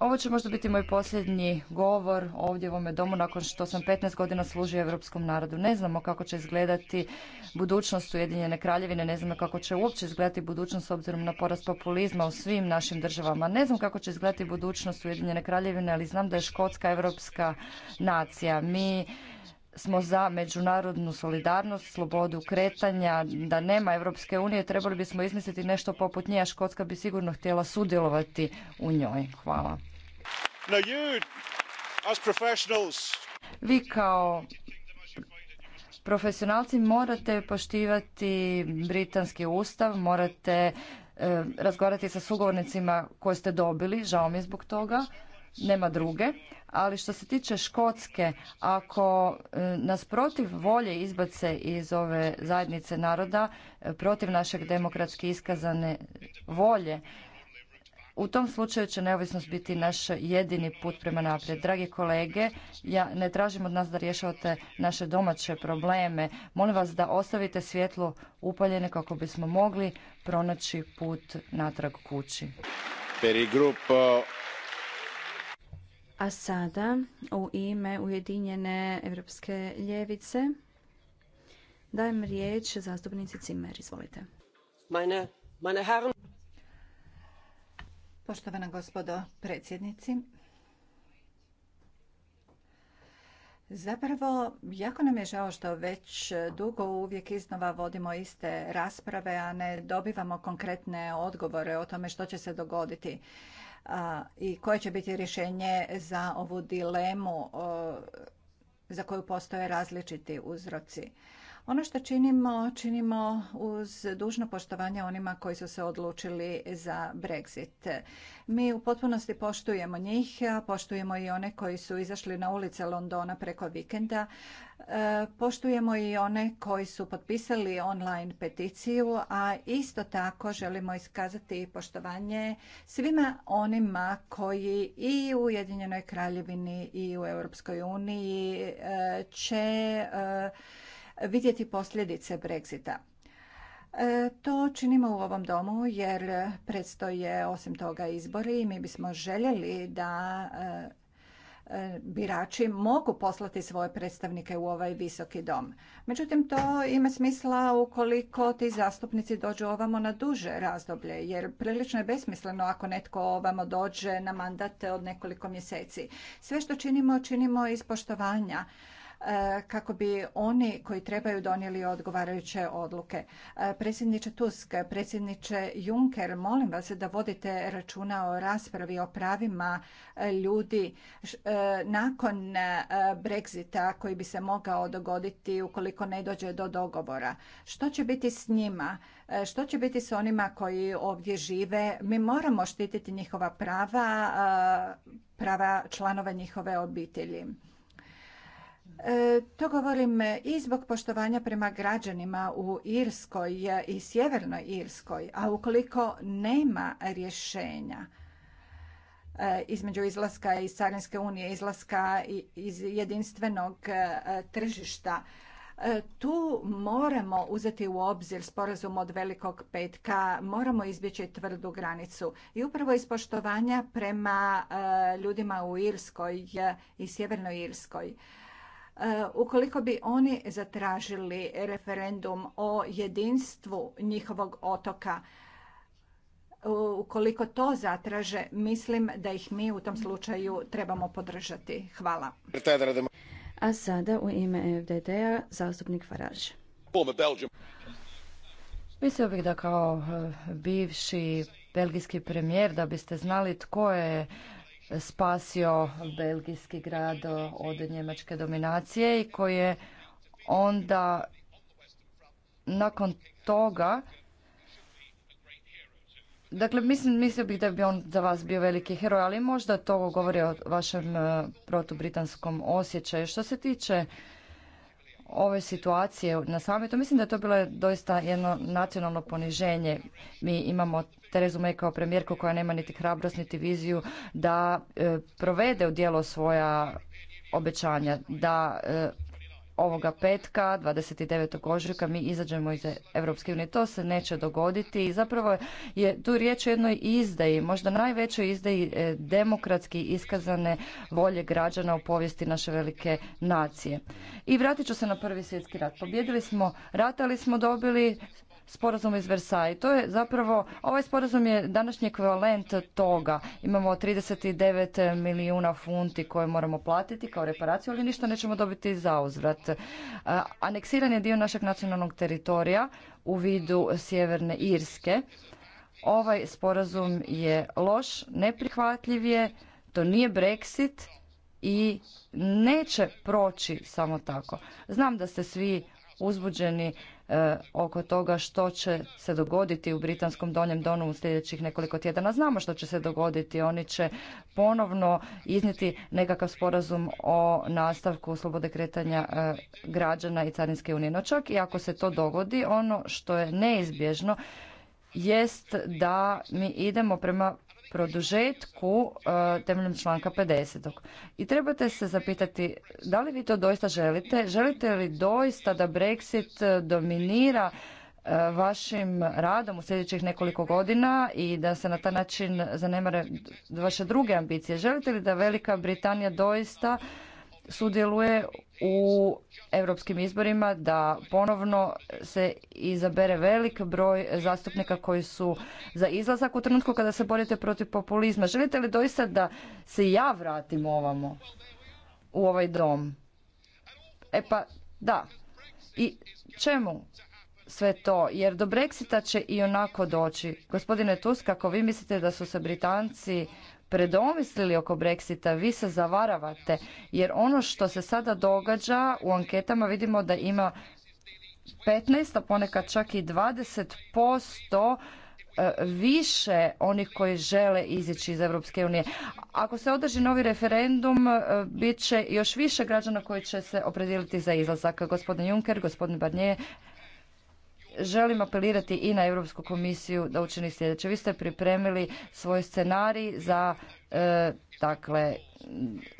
Ovo će možda biti moj posljednji govor ovdje u ovome domu nakon što sam 15 godina služio evropskom narodu. Ne znamo kako će izgledati budućnost Ujedinjene kraljevine, ne znamo kako će uopće izgledati budućnost s obzirom na porast populizma u svim našim državama. Ne znam kako će izgledati budućnost Ujedinjene kraljevine, ali znam da je Škotska evropska nacija. Mi smo za međunarodnu solidarnost, slobodu kretanja, da nema Europske unije, trebali bismo izmisliti nešto poput nje, a Škotska bi sigurno htjela sudjelovati u njoj. Hvala. Vi kao profesionalci morate poštivati britanski ustav, morate eh, razgovarati sa sugovornicima koje ste dobili, žao mi je zbog toga nema druge. Ali što se tiče Škotske, ako e, nas protiv volje izbace iz ove zajednice naroda, e, protiv našeg demokratski iskazane volje, u tom slučaju će neovisnost biti naš jedini put prema naprijed. Dragi kolege, ja ne tražim od nas da rješavate naše domaće probleme. Molim vas da ostavite svjetlo upaljene kako bismo mogli pronaći put natrag kući. A sada u ime Ujedinjene Evropske ljevice dajem riječ zastupnici Cimer. Izvolite. Meine, Poštovana gospodo predsjednici, Zapravo, jako nam je žao što već dugo uvijek iznova vodimo iste rasprave, a ne dobivamo konkretne odgovore o tome što će se dogoditi i koje će biti rješenje za ovu dilemu za koju postoje različiti uzroci. Ono što činimo, činimo uz dužno poštovanje onima koji su se odlučili za Brexit. Mi u potpunosti poštujemo njih, poštujemo i one koji su izašli na ulice Londona preko vikenda, e, poštujemo i one koji su potpisali online peticiju, a isto tako želimo iskazati poštovanje svima onima koji i u Ujedinjenoj Kraljevini i u Europskoj uniji e, će e, vidjeti posljedice Brexita. E, to činimo u ovom domu jer predstoje osim toga izbori i mi bismo željeli da e, e, birači mogu poslati svoje predstavnike u ovaj visoki dom. Međutim, to ima smisla ukoliko ti zastupnici dođu ovamo na duže razdoblje, jer prilično je besmisleno ako netko ovamo dođe na mandat od nekoliko mjeseci. Sve što činimo, činimo iz poštovanja E, kako bi oni koji trebaju donijeli odgovarajuće odluke. E, predsjedniče Tusk, predsjedniče Juncker, molim vas da vodite računa o raspravi o pravima e, ljudi nakon Brexita koji bi se mogao dogoditi ukoliko ne dođe do dogovora. Što će biti s njima? Što će biti s onima koji ovdje žive? Mi moramo štititi njihova prava, prava članova njihove obitelji. E, to govorim i zbog poštovanja prema građanima u Irskoj i Sjevernoj Irskoj, a ukoliko nema rješenja e, između izlaska iz Carinske unije, izlaska iz jedinstvenog e, tržišta, tu moramo uzeti u obzir sporazum od velikog petka, moramo izbjeći tvrdu granicu. I upravo iz poštovanja prema ljudima u Irskoj i Sjevernoj Irskoj Eh, ukoliko bi oni zatražili referendum o jedinstvu njihovog otoka, eh, ukoliko to zatraže, mislim da ih mi u tom slučaju trebamo podržati. Hvala. A sada u ime FDD-a zastupnik Faraž. Mislio bih da kao eh, bivši belgijski premijer da biste znali tko je spasio belgijski grad od njemačke dominacije i koji je onda nakon toga Dakle, mislim, mislio bih da bi on za vas bio veliki heroj, ali možda to govori o vašem e, protubritanskom osjećaju. Što se tiče ove situacije na samitu, mislim da je to bilo doista jedno nacionalno poniženje. Mi imamo Terezu May kao premijerku koja nema niti hrabrost niti viziju da e, provede u djelo svoja obećanja, da e, ovoga petka, 29. ožujka, mi izađemo iz Europske unije. To se neće dogoditi i zapravo je tu riječ o jednoj izdaji, možda najvećoj izdaji e, demokratski iskazane volje građana u povijesti naše velike nacije. I vratit ću se na prvi svjetski rat. Pobjedili smo rat, smo dobili sporazum iz Versailles. To je zapravo, ovaj sporazum je današnji ekvivalent toga. Imamo 39 milijuna funti koje moramo platiti kao reparaciju, ali ništa nećemo dobiti za uzvrat. E, aneksiran je dio našeg nacionalnog teritorija u vidu Sjeverne Irske. Ovaj sporazum je loš, neprihvatljiv je, to nije Brexit i neće proći samo tako. Znam da ste svi uzbuđeni E, oko toga što će se dogoditi u britanskom donjem donu u sljedećih nekoliko tjedana. Znamo što će se dogoditi. Oni će ponovno iznijeti nekakav sporazum o nastavku slobode kretanja e, građana i Carinske unije. No čak i ako se to dogodi, ono što je neizbježno jest da mi idemo prema produžetku e, temeljem članka 50. I trebate se zapitati da li vi to doista želite? Želite li doista da Brexit dominira e, vašim radom u sljedećih nekoliko godina i da se na taj način zanemare vaše druge ambicije. Želite li da Velika Britanija doista sudjeluje u europskim izborima da ponovno se izabere velik broj zastupnika koji su za izlazak u trenutku kada se borite protiv populizma. Želite li doista da se ja vratim ovamo u ovaj dom? E pa da. I čemu sve to? Jer do Brexita će i onako doći. Gospodine Tusk, ako vi mislite da su se Britanci predomislili oko Brexita, vi se zavaravate jer ono što se sada događa u anketama vidimo da ima 15, a ponekad čak i 20% e, više onih koji žele izići iz Europske unije. Ako se održi novi referendum, e, bit će još više građana koji će se opredijeliti za izlazak. Gospodin Juncker, gospodin Barnier, želim apelirati i na Europsku komisiju da učini sljedeće. Vi ste pripremili svoj scenarij za e, dakle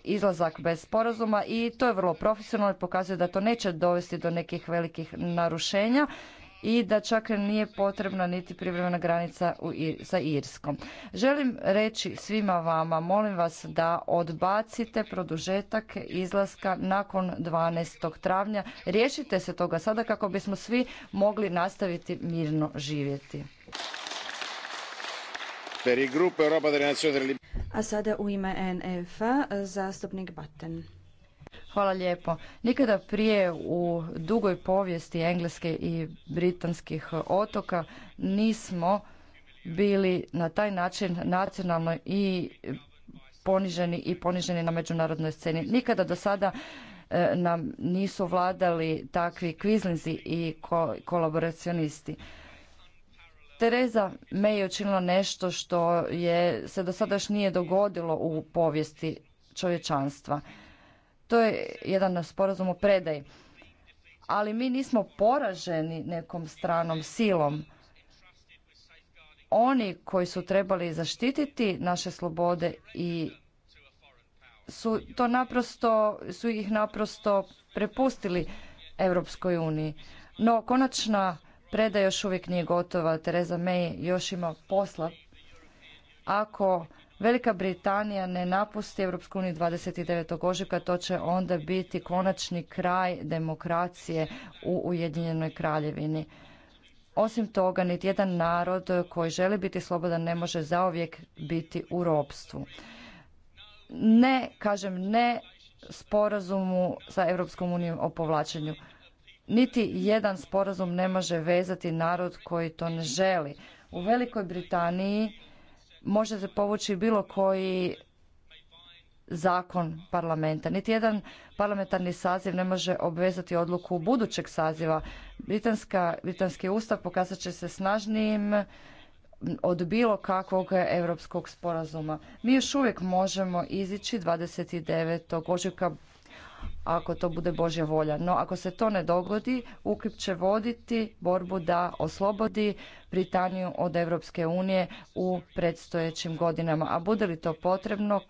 izlazak bez sporazuma i to je vrlo profesionalno i pokazuje da to neće dovesti do nekih velikih narušenja i da čak nije potrebna niti privremena granica u, sa Irskom. Želim reći svima vama, molim vas da odbacite produžetak izlaska nakon 12. travnja. Riješite se toga sada kako bismo svi mogli nastaviti mirno živjeti. A sada u ime nf zastupnik Batten. Hvala lijepo. Nikada prije u dugoj povijesti engleske i britanskih otoka nismo bili na taj način nacionalno i poniženi i poniženi na međunarodnoj sceni. Nikada do sada e, nam nisu vladali takvi kvizlinzi i kolaboracionisti. Tereza me je učinila nešto što je, se do sada još nije dogodilo u povijesti čovječanstva. To je jedan sporazum o predaji. Ali mi nismo poraženi nekom stranom silom. Oni koji su trebali zaštititi naše slobode i su to naprosto, su ih naprosto prepustili Europskoj uniji. No, konačna predaja još uvijek nije gotova. Tereza May još ima posla. Ako Velika Britanija ne napusti Europsku uniju 29. ožujka, to će onda biti konačni kraj demokracije u Ujedinjenoj kraljevini. Osim toga, niti jedan narod koji želi biti slobodan ne može zauvijek biti u ropstvu. Ne, kažem ne sporazumu sa Europskom unijom o povlačenju. Niti jedan sporazum ne može vezati narod koji to ne želi. U Velikoj Britaniji možete povući bilo koji zakon parlamenta. Niti jedan parlamentarni saziv ne može obvezati odluku budućeg saziva. britanski ustav pokazat će se snažnijim od bilo kakvog europskog sporazuma. Mi još uvijek možemo izići 29. ožujka ako to bude Božja volja. No ako se to ne dogodi, UKIP će voditi borbu da oslobodi Britaniju od Europske unije u predstojećim godinama. A bude li to potrebno,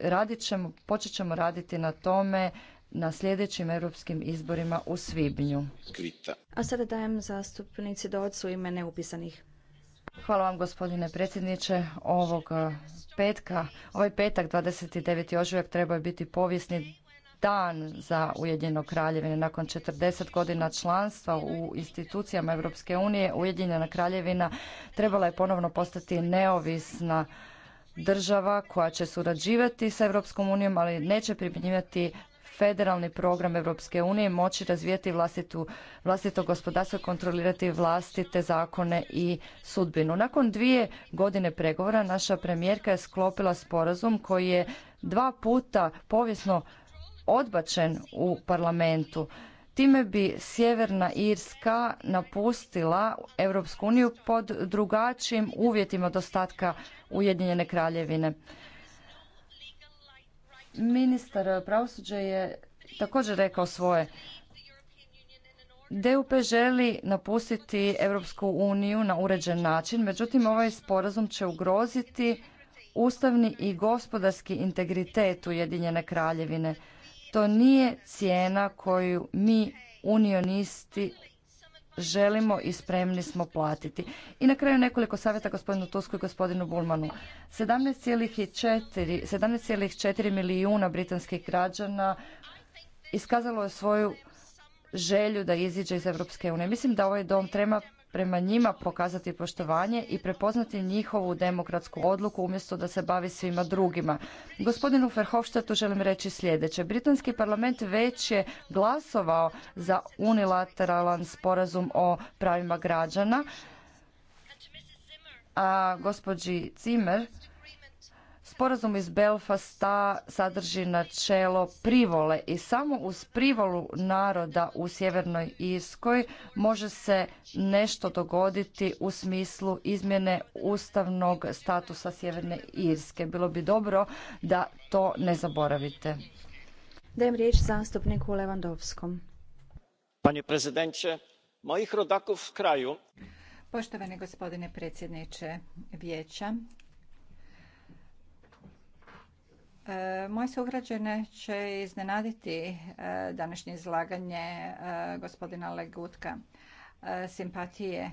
radit ćemo, počet ćemo raditi na tome na sljedećim europskim izborima u Svibnju. A sada dajem zastupnici Docu ime neupisanih. Hvala vam gospodine predsjedniče. Ovog petka, ovaj petak 29. ožujak treba biti povijesni dan za Ujedinjeno kraljevine. Nakon 40 godina članstva u institucijama Europske unije, Ujedinjena kraljevina trebala je ponovno postati neovisna država koja će surađivati sa Europskom unijom, ali neće primjenjivati federalni program Europske unije moći razvijati vlastitu, vlastito gospodarstvo, kontrolirati vlastite zakone i sudbinu. Nakon dvije godine pregovora naša premijerka je sklopila sporazum koji je dva puta povijesno odbačen u parlamentu. Time bi Sjeverna Irska napustila Europsku uniju pod drugačijim uvjetima dostatka Ujedinjene kraljevine. Ministar pravosuđa je također rekao svoje. DUP želi napustiti Europsku uniju na uređen način, međutim ovaj sporazum će ugroziti ustavni i gospodarski integritet Ujedinjene kraljevine. To nije cijena koju mi unionisti želimo i spremni smo platiti. I na kraju nekoliko savjeta gospodinu Tusku i gospodinu Bulmanu. 17,4 milijuna britanskih građana iskazalo je svoju želju da iziđe iz Europske unije. Mislim da ovaj dom treba prema njima pokazati poštovanje i prepoznati njihovu demokratsku odluku umjesto da se bavi svima drugima. Gospodinu Verhofstadtu želim reći sljedeće. Britanski parlament već je glasovao za unilateralan sporazum o pravima građana. A gospođi Cimer Sporazum iz Belfasta sadrži načelo privole i samo uz privolu naroda u Sjevernoj Irskoj može se nešto dogoditi u smislu izmjene ustavnog statusa Sjeverne Irske. Bilo bi dobro da to ne zaboravite. Dajem riječ zastupniku Levandovskom. Panje kraju. Poštovani gospodine predsjedniče vijeća, E, moje sugrađane će iznenaditi e, današnje izlaganje e, gospodina Legutka. Simpatije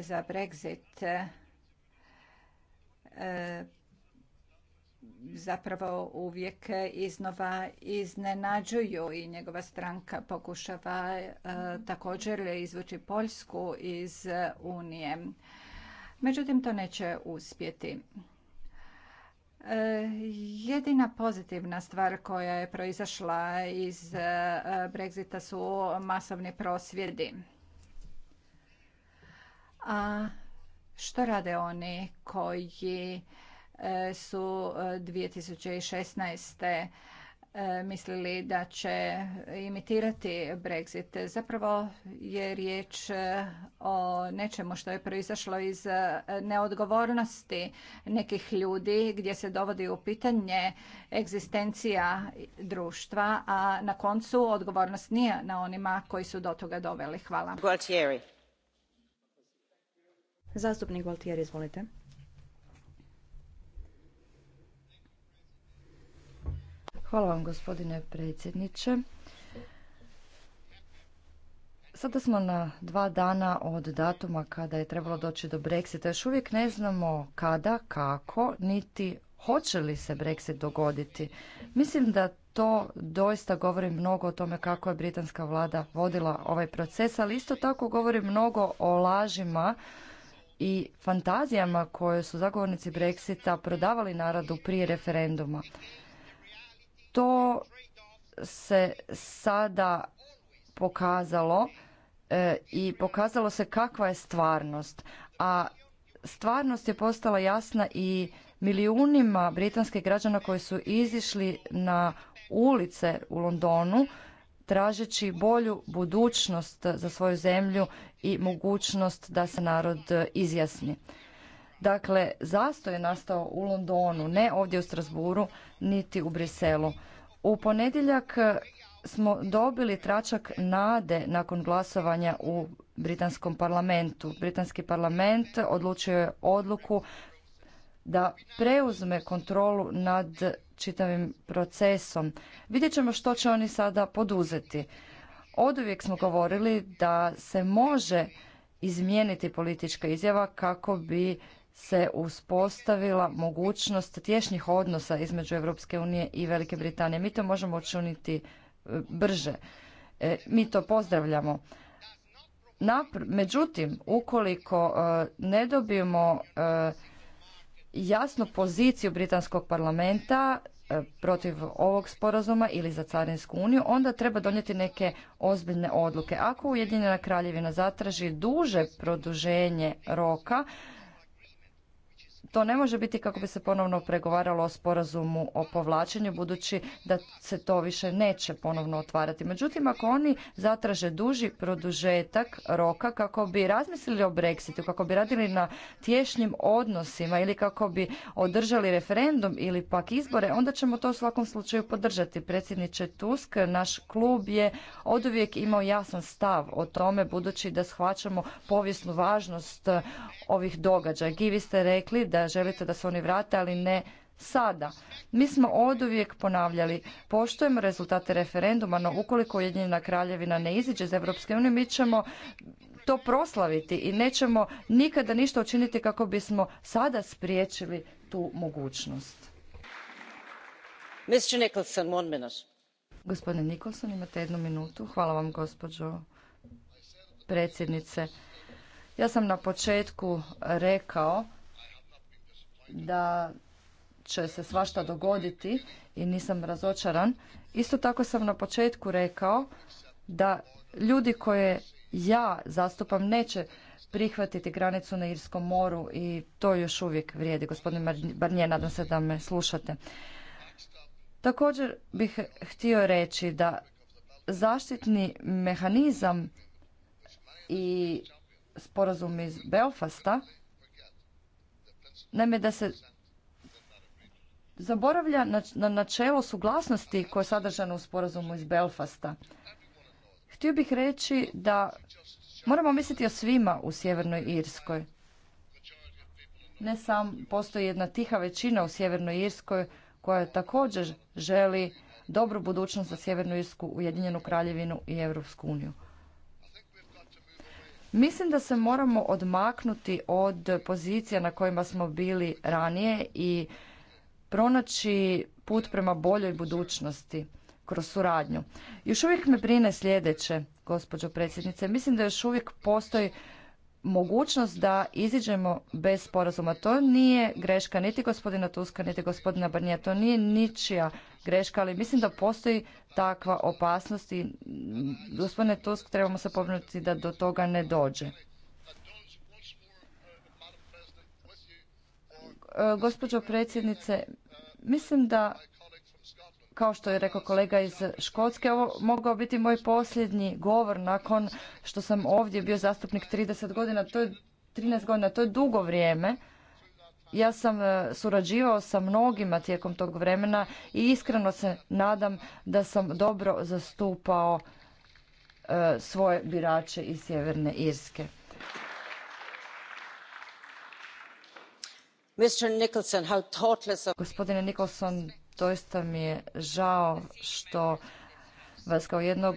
za Brexit zapravo uvijek iznova iznenađuju i njegova stranka pokušava također izvući Poljsku iz Unije. Međutim, to neće uspjeti. E, jedina pozitivna stvar koja je proizašla iz e, Brexita su masovni prosvjedi. A što rade oni koji e, su 2016 E, mislili da će imitirati Brexit. Zapravo je riječ e, o nečemu što je proizašlo iz e, neodgovornosti nekih ljudi gdje se dovodi u pitanje egzistencija društva, a na koncu odgovornost nije na onima koji su do toga doveli. Hvala. Zastupnik Gualtieri, izvolite. Hvala vam gospodine predsjedniče. Sada smo na dva dana od datuma kada je trebalo doći do Brexita. Još uvijek ne znamo kada, kako, niti hoće li se Brexit dogoditi. Mislim da to doista govori mnogo o tome kako je britanska vlada vodila ovaj proces, ali isto tako govori mnogo o lažima i fantazijama koje su zagovornici Brexita prodavali narodu prije referenduma to se sada pokazalo e, i pokazalo se kakva je stvarnost. A stvarnost je postala jasna i milijunima britanskih građana koji su izišli na ulice u Londonu tražeći bolju budućnost za svoju zemlju i mogućnost da se narod izjasni. Dakle, zastoj je nastao u Londonu, ne ovdje u Strasburu, niti u Briselu. U ponedjeljak smo dobili tračak nade nakon glasovanja u Britanskom parlamentu. Britanski parlament odlučio je odluku da preuzme kontrolu nad čitavim procesom. Vidjet ćemo što će oni sada poduzeti. Oduvijek smo govorili da se može izmijeniti politička izjava kako bi se uspostavila mogućnost tješnjih odnosa između Europske unije i Velike Britanije. Mi to možemo učiniti e, brže. E, mi to pozdravljamo. Međutim, ukoliko e, ne dobijemo jasnu poziciju Britanskog parlamenta protiv ovog sporazuma ili za Carinsku uniju, onda treba donijeti neke ozbiljne odluke. Ako Ujedinjena kraljevina zatraži duže produženje roka, to ne može biti kako bi se ponovno pregovaralo o sporazumu o povlačenju budući da se to više neće ponovno otvarati. Međutim, ako oni zatraže duži produžetak roka kako bi razmislili o Brexitu, kako bi radili na tješnjim odnosima ili kako bi održali referendum ili pak izbore, onda ćemo to u svakom slučaju podržati. Predsjedniče Tusk, naš klub je oduvijek imao jasan stav o tome budući da shvaćamo povijesnu važnost ovih događaja. Givi ste rekli da da želite da se oni vrate, ali ne sada. Mi smo oduvijek ponavljali, poštujemo rezultate referenduma, no ukoliko Ujedinjena kraljevina ne iziđe iz Europske unije, mi ćemo to proslaviti i nećemo nikada ništa učiniti kako bismo sada spriječili tu mogućnost. Mr. Nicholson, one minute. Gospodine Nikolson, imate jednu minutu. Hvala vam, gospođo predsjednice. Ja sam na početku rekao da će se svašta dogoditi i nisam razočaran. Isto tako sam na početku rekao da ljudi koje ja zastupam neće prihvatiti granicu na Irskom moru i to još uvijek vrijedi. Gospodine Barnije, nadam se da me slušate. Također bih htio reći da zaštitni mehanizam i sporazum iz Belfasta Naime, da se zaboravlja na načelo suglasnosti koje je sadržano u sporazumu iz Belfasta. Htio bih reći da moramo misliti o svima u Sjevernoj Irskoj. Ne sam postoji jedna tiha većina u Sjevernoj Irskoj koja također želi dobru budućnost za Sjevernu Irsku, Ujedinjenu Kraljevinu i Europsku uniju. Mislim da se moramo odmaknuti od pozicija na kojima smo bili ranije i pronaći put prema boljoj budućnosti kroz suradnju. Još uvijek me brine sljedeće, gospođo predsjednice. Mislim da još uvijek postoji mogućnost da iziđemo bez sporazuma. To nije greška niti gospodina Tuska, niti gospodina Brnja. To nije ničija greška, ali mislim da postoji takva opasnost i mm, gospodine Tusk trebamo se pobrinuti da do toga ne dođe. E, gospođo predsjednice, mislim da kao što je rekao kolega iz Škotske, ovo mogao biti moj posljednji govor nakon što sam ovdje bio zastupnik 30 godina, to je 13 godina, to je dugo vrijeme. Ja sam e, surađivao sa mnogima tijekom tog vremena i iskreno se nadam da sam dobro zastupao e, svoje birače iz Sjeverne Irske. Gospodine Nicholson, doista mi je žao što vas kao jednog